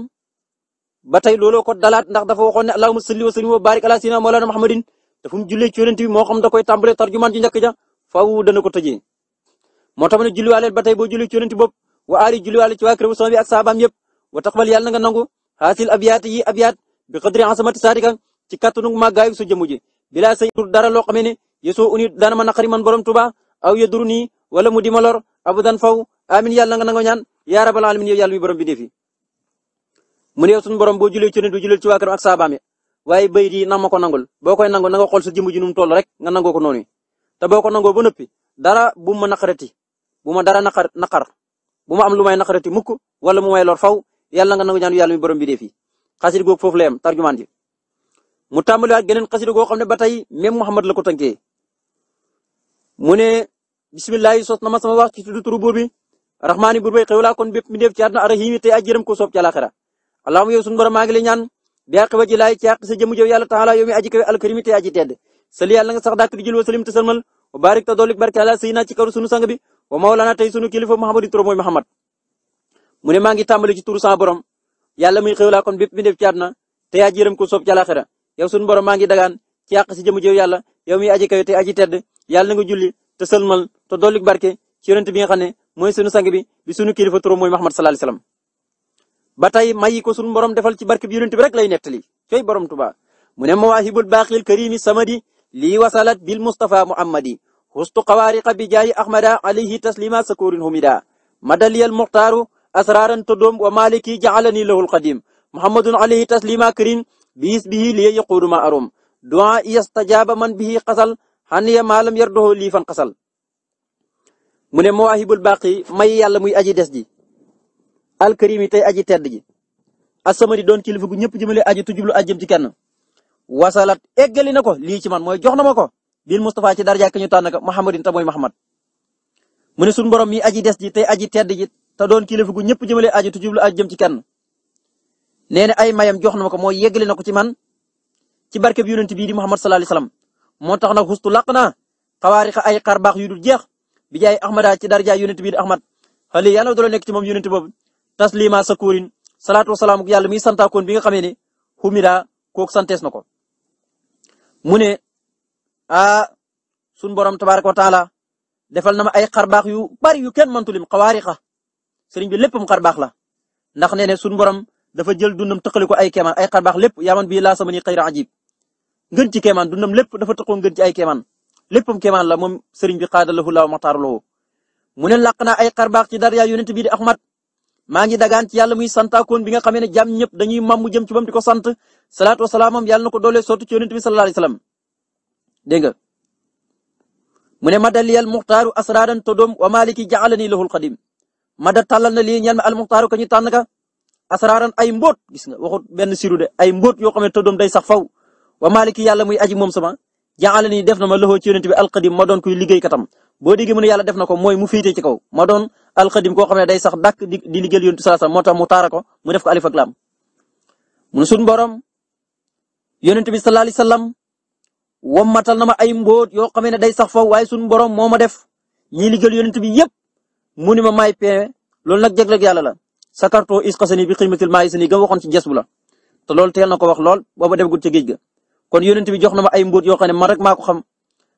ba tey looloo ko dalaat ndax dafa waxoon ne allahumma salli wa sallim wa barik ala sayyidina mawlana muhammadin dafa mu jullee ci yonent bi moo xam da koy tàmbalee tarjumaan ju njëkk ja faaw dana ko tëjee. moo tax ma ne julliwaaleel ba tey boo jullee ci yonent bopp wa aali julliwaale ci waa kër bu sama bi ak saabaam yëpp wa na nga nangu xaasil abyaat yi abyaat bi xadri asamati saadika ci kàttanu màggaayu su jëmu ji bilaa say tur dara loo xam ne yesoo uni dana ma naqari man borom tuba aw yaduru nii wala mu di ma lor abadan faw amin yàlla nga nangoo ñaan yaa rabal alamin yow yàlla mi borom bi dee fi borom boo julee ci ne du ci waa ak saabaam waaye bay di na ma ko nangul boo koy nangul na nga xool sa rek nga nangoo ko noonu te boo ko nangoo ba noppi dara bu ma naqarati bu ma dara naqar naqar bu ma am lu may naqarati mukk yàlla nga nangu ñaan yàlla mi borom bi def yi xasida foofu la yem tarjumaan ji mu tàmbaliwaat geneen goo xam ne ba tey même Muhammad la ko tënkee bismillahi sos na ma sama wax ci tuddu turu buur bi rahmaani buur bay xewlaa kon bépp mi def ci àdduna arahimi tey aj yërëm ko soob ci àlaxira allahumma yow sunu borom maa ñaan bi àq ba ji ci àq sa jëmu jëw yàlla taala yow aji kawe alkarimi tey aji tedd sali yàlla sax dàkk di wa salim te salmal kilifa Muhammadu turam mu ne maa ngi tàmbali ci turu sama borom yàlla muy xéwlaa kon bépp bi def ci àdduna te yaa jërëm ko soob ci alaxira yow sunu borom maa ngi dagaan ci àq si jëmu jëw yàlla yow miy aji kayo te aji tedd yàlla na nga julli te sëlmal te dollik barke ci yonent bi nga xam ne mooy sunu sang bi bi sunu kilifa turam mooy Muhammad sallallahu alayhi wasallam ba tey mayi ko sunu borom defal ci barke bi yonent bi rek lay nettali coy borom Tuubaa mu ne mawaahibul baaqil karimi samadi lii wasalat bil mustafa muhammadi bi jaayi asraaran tuddoom wa maliki ja'alani lahul qadim muhammadun alayhi taslima karim biis bihi li yaqudu ma arum du'a yastajaba man bihi qasal haniya ma lam yarduhu li fan qasal mu ne mawahibul baqi may yàlla muy aji des ji alkarimi tey aji tedd ji asamari doon kilifa gu ñëpp aji tujublu ajjëm ci wasalat eggali na ko lii ci man mooy jox na ma ko bil Moustapha ci daraja ka ñu tànn Muhammadin ta Muhammad mu ne borom mi aji des ji tey aji tedd ji te doon kilifa gu ñëpp jëmale aji te jublu aji jëm ci kenn nee ay mayam jox na ma ko mooy yeggale na ko ci man ci barke bi yonent bii di Muhammad sallallahu alayhi wasallam moo tax nag xustu laq naa xawaariqa ay xar baax yu dul jeex bi jaay Ahmada ci daraja yonent bii di Ahmad xale yàlla na doon nekk ci moom yonent boobu taslima sakurin salaatu wasalaam ak yàlla miy santaakoon bi nga xamee ne humida kooku santees na ko. mu ne ah sunu borom tabaaraka wa taala defal na ma ay xar baax yu bari yu kenn mëntu lim xawaariqa sëriñ bi léppam xar baax la ndax nee ne suñu borom dafa jël dundam tëqali ko ay keemaan ay xar baax lépp yaaman bii laa sama ni xëyra ajib ngën ci keemaan dundam lépp dafa tëqoo ngën ci ay keemaan léppam keemaan la moom sëriñ bi xaadalahu laaw maxtaaraloo mu ne làq naa ay xar baax ci dara yaa yonent bii di Ahmad maa ngi dagaan ci yàlla muy santaakoon bi nga xamee ne jàmm ñëpp dañuy màmm jëm ci bam di ko sant salaatu wa salaamam yàlla na ko doole sotti ci yonent bi sallallahu alayhi nga mu ne madaliyal muxtaaru asraadan todoom wa maliki jaalani lahul xadim mada tàllal na lii ñeel ma almuxtaaru ko ñu tànn ka asraaran ay mbóot gis nga waxut benn siru de ay mbóot yoo xam ne tëddoom day sax faw wa maaliki yàlla muy aji moom sama jaale nii def na ma loxo ci yonent bi alxadim ma doon kuy liggéey katam boo déggee mu ne yàlla na ko mooy mu féete ci kaw ma doon alxadim koo xam ne day sax dàkk di di liggéeyal yonent salaasam moo tax mu taara ko mu def ko alif ak laam mun suñ borom yonent bi sallallahu alayhi wasallam wammatal na ma ay mbóot yoo xam ne day sax faw waaye suñ borom moo ma def ñi liggéeyal yonent bi yépp mu ni ma maay peewe loolu nag jagleeg yàlla la sakarto isqasani bi ximatil maay sani gam waxoon ci ges bu la te loolu teel na ko wax lool booba demagul ca géej ga kon yonent bi jox na ma ay mbóot yoo xam ne man rek maa ko xam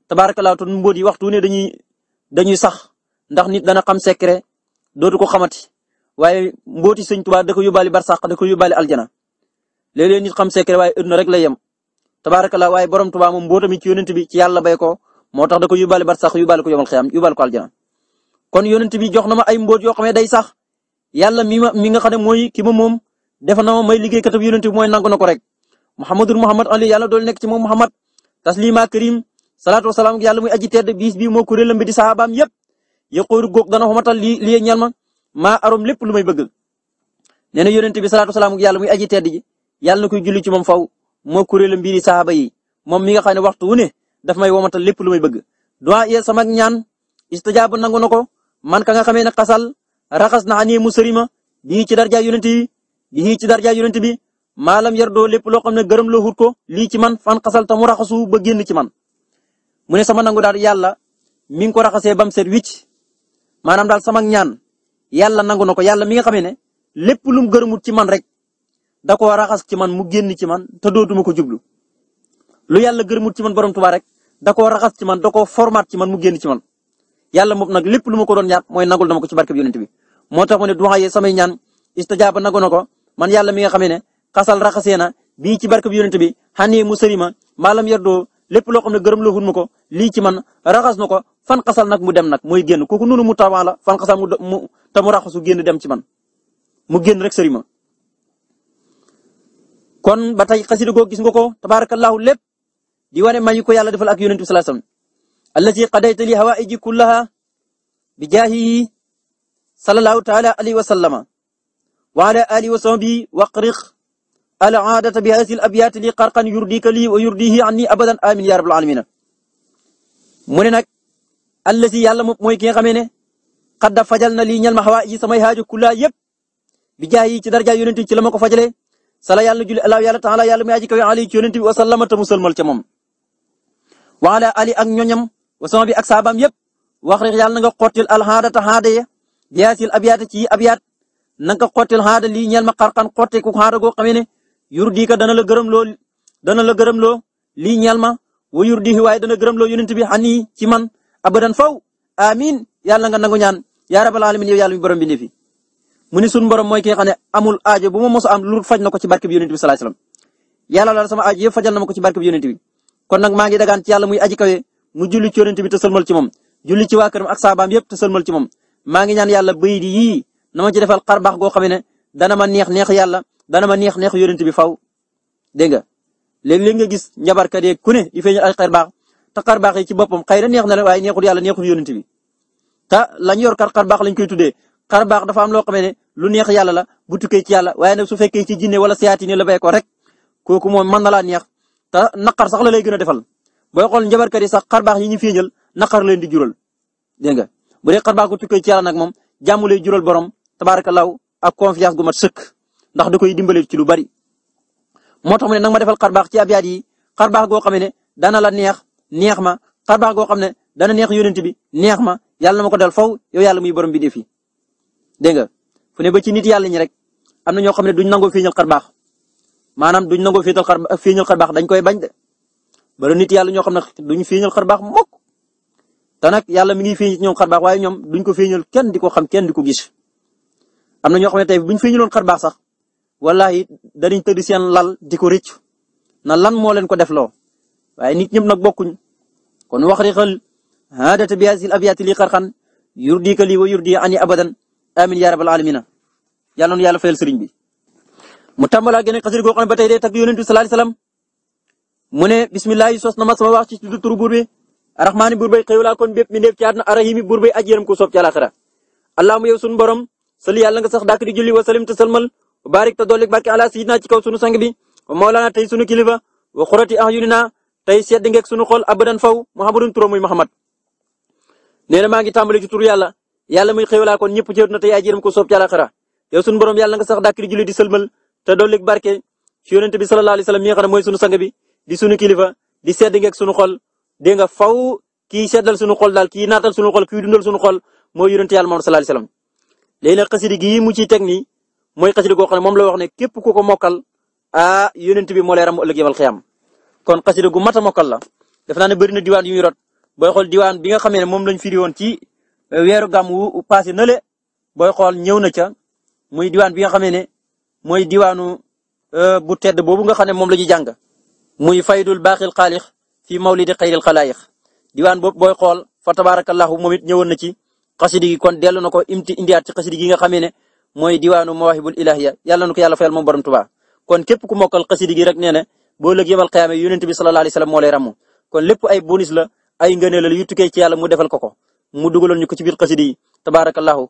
tabaarakallaa tun mbóot yi waxtu ne dañuy dañuy sax ndax nit dana xam secret dootu ko xamati waaye mbóoti sëñ Tuubaa da ko yóbbaale barsàq da ko yóbbaale aljana léeg-léeg nit xam secret waaye ëdduna rek lay yem tabaarakallaa waaye borom Tuubaa moom mbóotami ci yonent bi ci yàlla bay ko moo tax da ko yóbbaale barsàq yóbbaale ko yomal xiyaam yóbbaale ko aljana kon yonent bi jox na ma ay mbóot yoo ne day sax yàlla mi ma mi nga xam ne mooy ki moom def na ma may liggéeykatam yonent bi mooy nangu na ko rek Muhammadul Muhammad Ali yàlla dool nekk ci moom Muhammad taslima karim salaatu wasalaam yàlla muy aji tedd biis bii moo kuréelam bi di saxaabaam yëpp yëqooru góog dana xomatal ma maa lépp lu may bëgg nee na yonent bi salaatu wasalaam yàlla muy aji tedd ji yàlla na koy julli ci moom faw moo kuréelam bii di saxaaba mi nga xam ne waxtu wu ne daf may womatal lépp lu may bëgg doa yee sama ñaan istijaaba nangu na ko man ka nga xamee ne xasal raxas na ani mu sërima lii ci darja yonent yi lii ci darja yonent bi maalam yar doo lépp loo xam ne gërëm la ko lii ci man fan xasal ta mu raxasu ba génn ci man. mu sama nangu daal yàlla mi ngi ko raxasee ba mu set wicc maanaam daal sama ñaan yàlla nangu na ko yàlla mi nga xamee ne lépp lu mu gërëmut ci man rek da koo raxas ci man mu génn ci man te dootuma ko jublu lu yàlla gërëmut ci man borom Tuubaa rek da koo raxas ci man da koo formaat ci man mu génn ci man. yàlla moom nag lépp lu ma ko doon ñaan mooy nangul dama ko ci barke bi yonent bi moo tax mu ne duwaa yi samay ñaan istajaaba nangu na ko man yàlla mi nga xamee ne xasal raxasee na bii ci barke bi yonent bi xanii mu sëri ma maalam yardoo lépp loo xam ne gërëm loo xun ma ko lii ci man raxas na ko fan xasal nag mu dem nag mooy génn kooku noonu mu tawaa la fan xasal mu mu te mu raxasu génn dem ci man mu génn rek sëri ma kon ba tey xasida goo gis nga ko tabaarakallaahu lépp di wane mayu ko yàlla defal ak yonent bi sallallahu allati qadayta li hawaaiji kullaha bi jaahihi sallallahu taala alayhi wa sallama wa ala alihi wa sahbihi waqriq al aadata bi haasi al abyaati li qarqan yurdika lii wa yurdihi anni abadan amin ya rabbal alamina mu ne nag allati yàlla moom mooy ki nga xamee ne xadda fajal na lii ñal ma hawaaiji samay haajo kullaha yëpp bi jaahi ci darja yonent ci la ma ko fajalee sala yàlla na julli alaaw yàlla taala yàlla ma aji kawe ali ci yonent bi wa sallama ta musalmal ca moom wa sama bi ak saabaam yëpp wax rek yàlla na nga xottil alxaadata xaada ya biyaasil abiyaata ci abiyaat na nga xottil xaada lii ñeel ma xarxan xotti ku xaada goo xamee ne dana la gërëm lo li la gërëm loo lii ma wa yur di waaye dana gërëm loo yonent bi xani ci man abadan faw amin yàlla nga nangu ñaan yaa rabal alamin yow yàlla mi borom bi ne fi mu ni sunu borom mooy ki amul aajo bu ma mos a am lu faj na ko ci barke bi yonent bi sallallahu alayhi wasallam yàlla la sama aajo yëpp fajal na ma ko bi yonent bi kon nag maa ngi dagaan ci yàlla muy aji mu julli ci yonent bi te sëlmal ci moom julli ci waa këram ak saabaam yëpp te sëlmal ci moom maa ngi ñaan yàlla bayit yii na ma ci defal xarbaax goo xam ne dana ma neex neex yàlla dana ma neex neex yonent bi faw dégg nga léeg-léeg nga gis njabarkat yeeg ku ne di feeñal baax xarbaax te baax yi ci boppam xëy na neex na la waaye neexul yàlla neexul yonent bi te lañ yor kar xarbaax lañ koy tuddee baax dafa am loo xam ne lu neex yàlla la bu tukkee ci yàlla waaye nag su fekkee ci jinne wala siyaati ni la bay rek kooku moom mën na laa neex te naqar sax la lay gën defal booy xool njabarkat yi sax xarbaax yi ñu feeñal naqar leen di jural dégg nga bu dee xarbaax gu tukkee ci yàlla nag moom jàmm lay jural borom tabaarakallaahu ak confiance gu mat sëkk ndax da koy dimbale ci lu bari. moo tax mu ne ma defal xarbaax ci abyaat yi xarbaax goo xam ne dana la neex neex ma xarbaax goo xam ne dana neex yonent bi neex ma yàlla na ma ko dal faw yow yàlla muy borom bi def fi dégg nga fu ne ci nit yàlla ñi rek am na ñoo xam ne duñ nangoo feeñal xarbaax maanaam duñ nangoo feeñal xarbaax dañ koy bañ bala nit yàlla ñoo xam na duñ feeñal xar baax mokk te mi ngi feeñ ci ñoom waaye ñoom duñ ko feeñal kenn di ko xam kenn di ko gis am na ñoo xam ne tey buñ feeñaloon xar baax sax wallahi danañ tëdd seen lal di ko rëcc na lan moo leen ko def loo waaye nit ñëpp nag bokkuñ kon wax ri xal haadata bi hasil abiyaati lii xarxan yurdika lii wa yurdi ani abadan amin ya rabbal alamina yàlla na yàlla fayal sëriñ bi mu tàmbalaa gën a xasir goo xam ba tey day tagg yonent bi sallallahu alayhi mu ne bismillah yi sos na ma sama wax ci tudd turu buur bi arrahmaani buur bay kon bépp mi ndéef ci àdduna arrahimi aji yërëm ko soob ci àlaxira allahumma yow sunu borom sali yàlla nga sax dàkk di julli wa salim te salmal wa barik te dolli barke ala sayidina ci kaw sunu sang bi wa maolana tey sunu kilifa wa xurati ahyunina tey sedd ngeeg sunu xol abadan faw muhammadun turam muy muhammad nee na maa ngi tàmbali tur yàlla yàlla muy xéewlaa kon ñëpp jër na tey ko soob ci àlaxira yow yàlla nga sax dàkk bi sallallahu alayhi wasallam mi nga xam ne mooy di sunu kilifa di sedd ngeeg sunu xol dégg nga faw kii seddal sunu xol daal kii naatal sunu xol kii dundal sunu xol mooy yonent yàlla moom sallallahu alayhi wasallam léegi nag xasida gii mu ciy teg mooy xasida goo xam ne moom la wax ne képp ku ko mokkal ah yonent bi moo lay ram ëllëg yawmal xiyaam kon xasida gu mat a mokkal la def naa ne bëri na diwaan yu muy rot booy xool diwaan bi nga xamee ne moom lañ firi woon ci eh, weeru gàmm wu passé na le booy xool ñëw na ca muy diwaan bi nga xamee ne mooy diwaanu eh, bu tedd boobu nga xam ne moom la ñuy jàng muy faydul baaxil xaalix fii mawlidi xayril xalaayiq diwaan boobu booy xool fa tabaarakallahu moom it ñëwoon na ci xasidi gi kon dellu na ko imti indiaat ci xasidi gi nga xamee ne mooy diwaanu mawahibul ilahiya yàlla na ko yàlla fayal moom borom Tuubaa kon képp ku mokkal xasidi gi rek nee na boo lëg yemal xiyaame yonent bi sallallahu alayhi wasallam moo lay ràmm kon lépp ay bonus la ay ngëneelal yu tukkee ci yàlla mu defal ko ko mu dugaloon ñu ko ci biir xasidi yi tabaarakallahu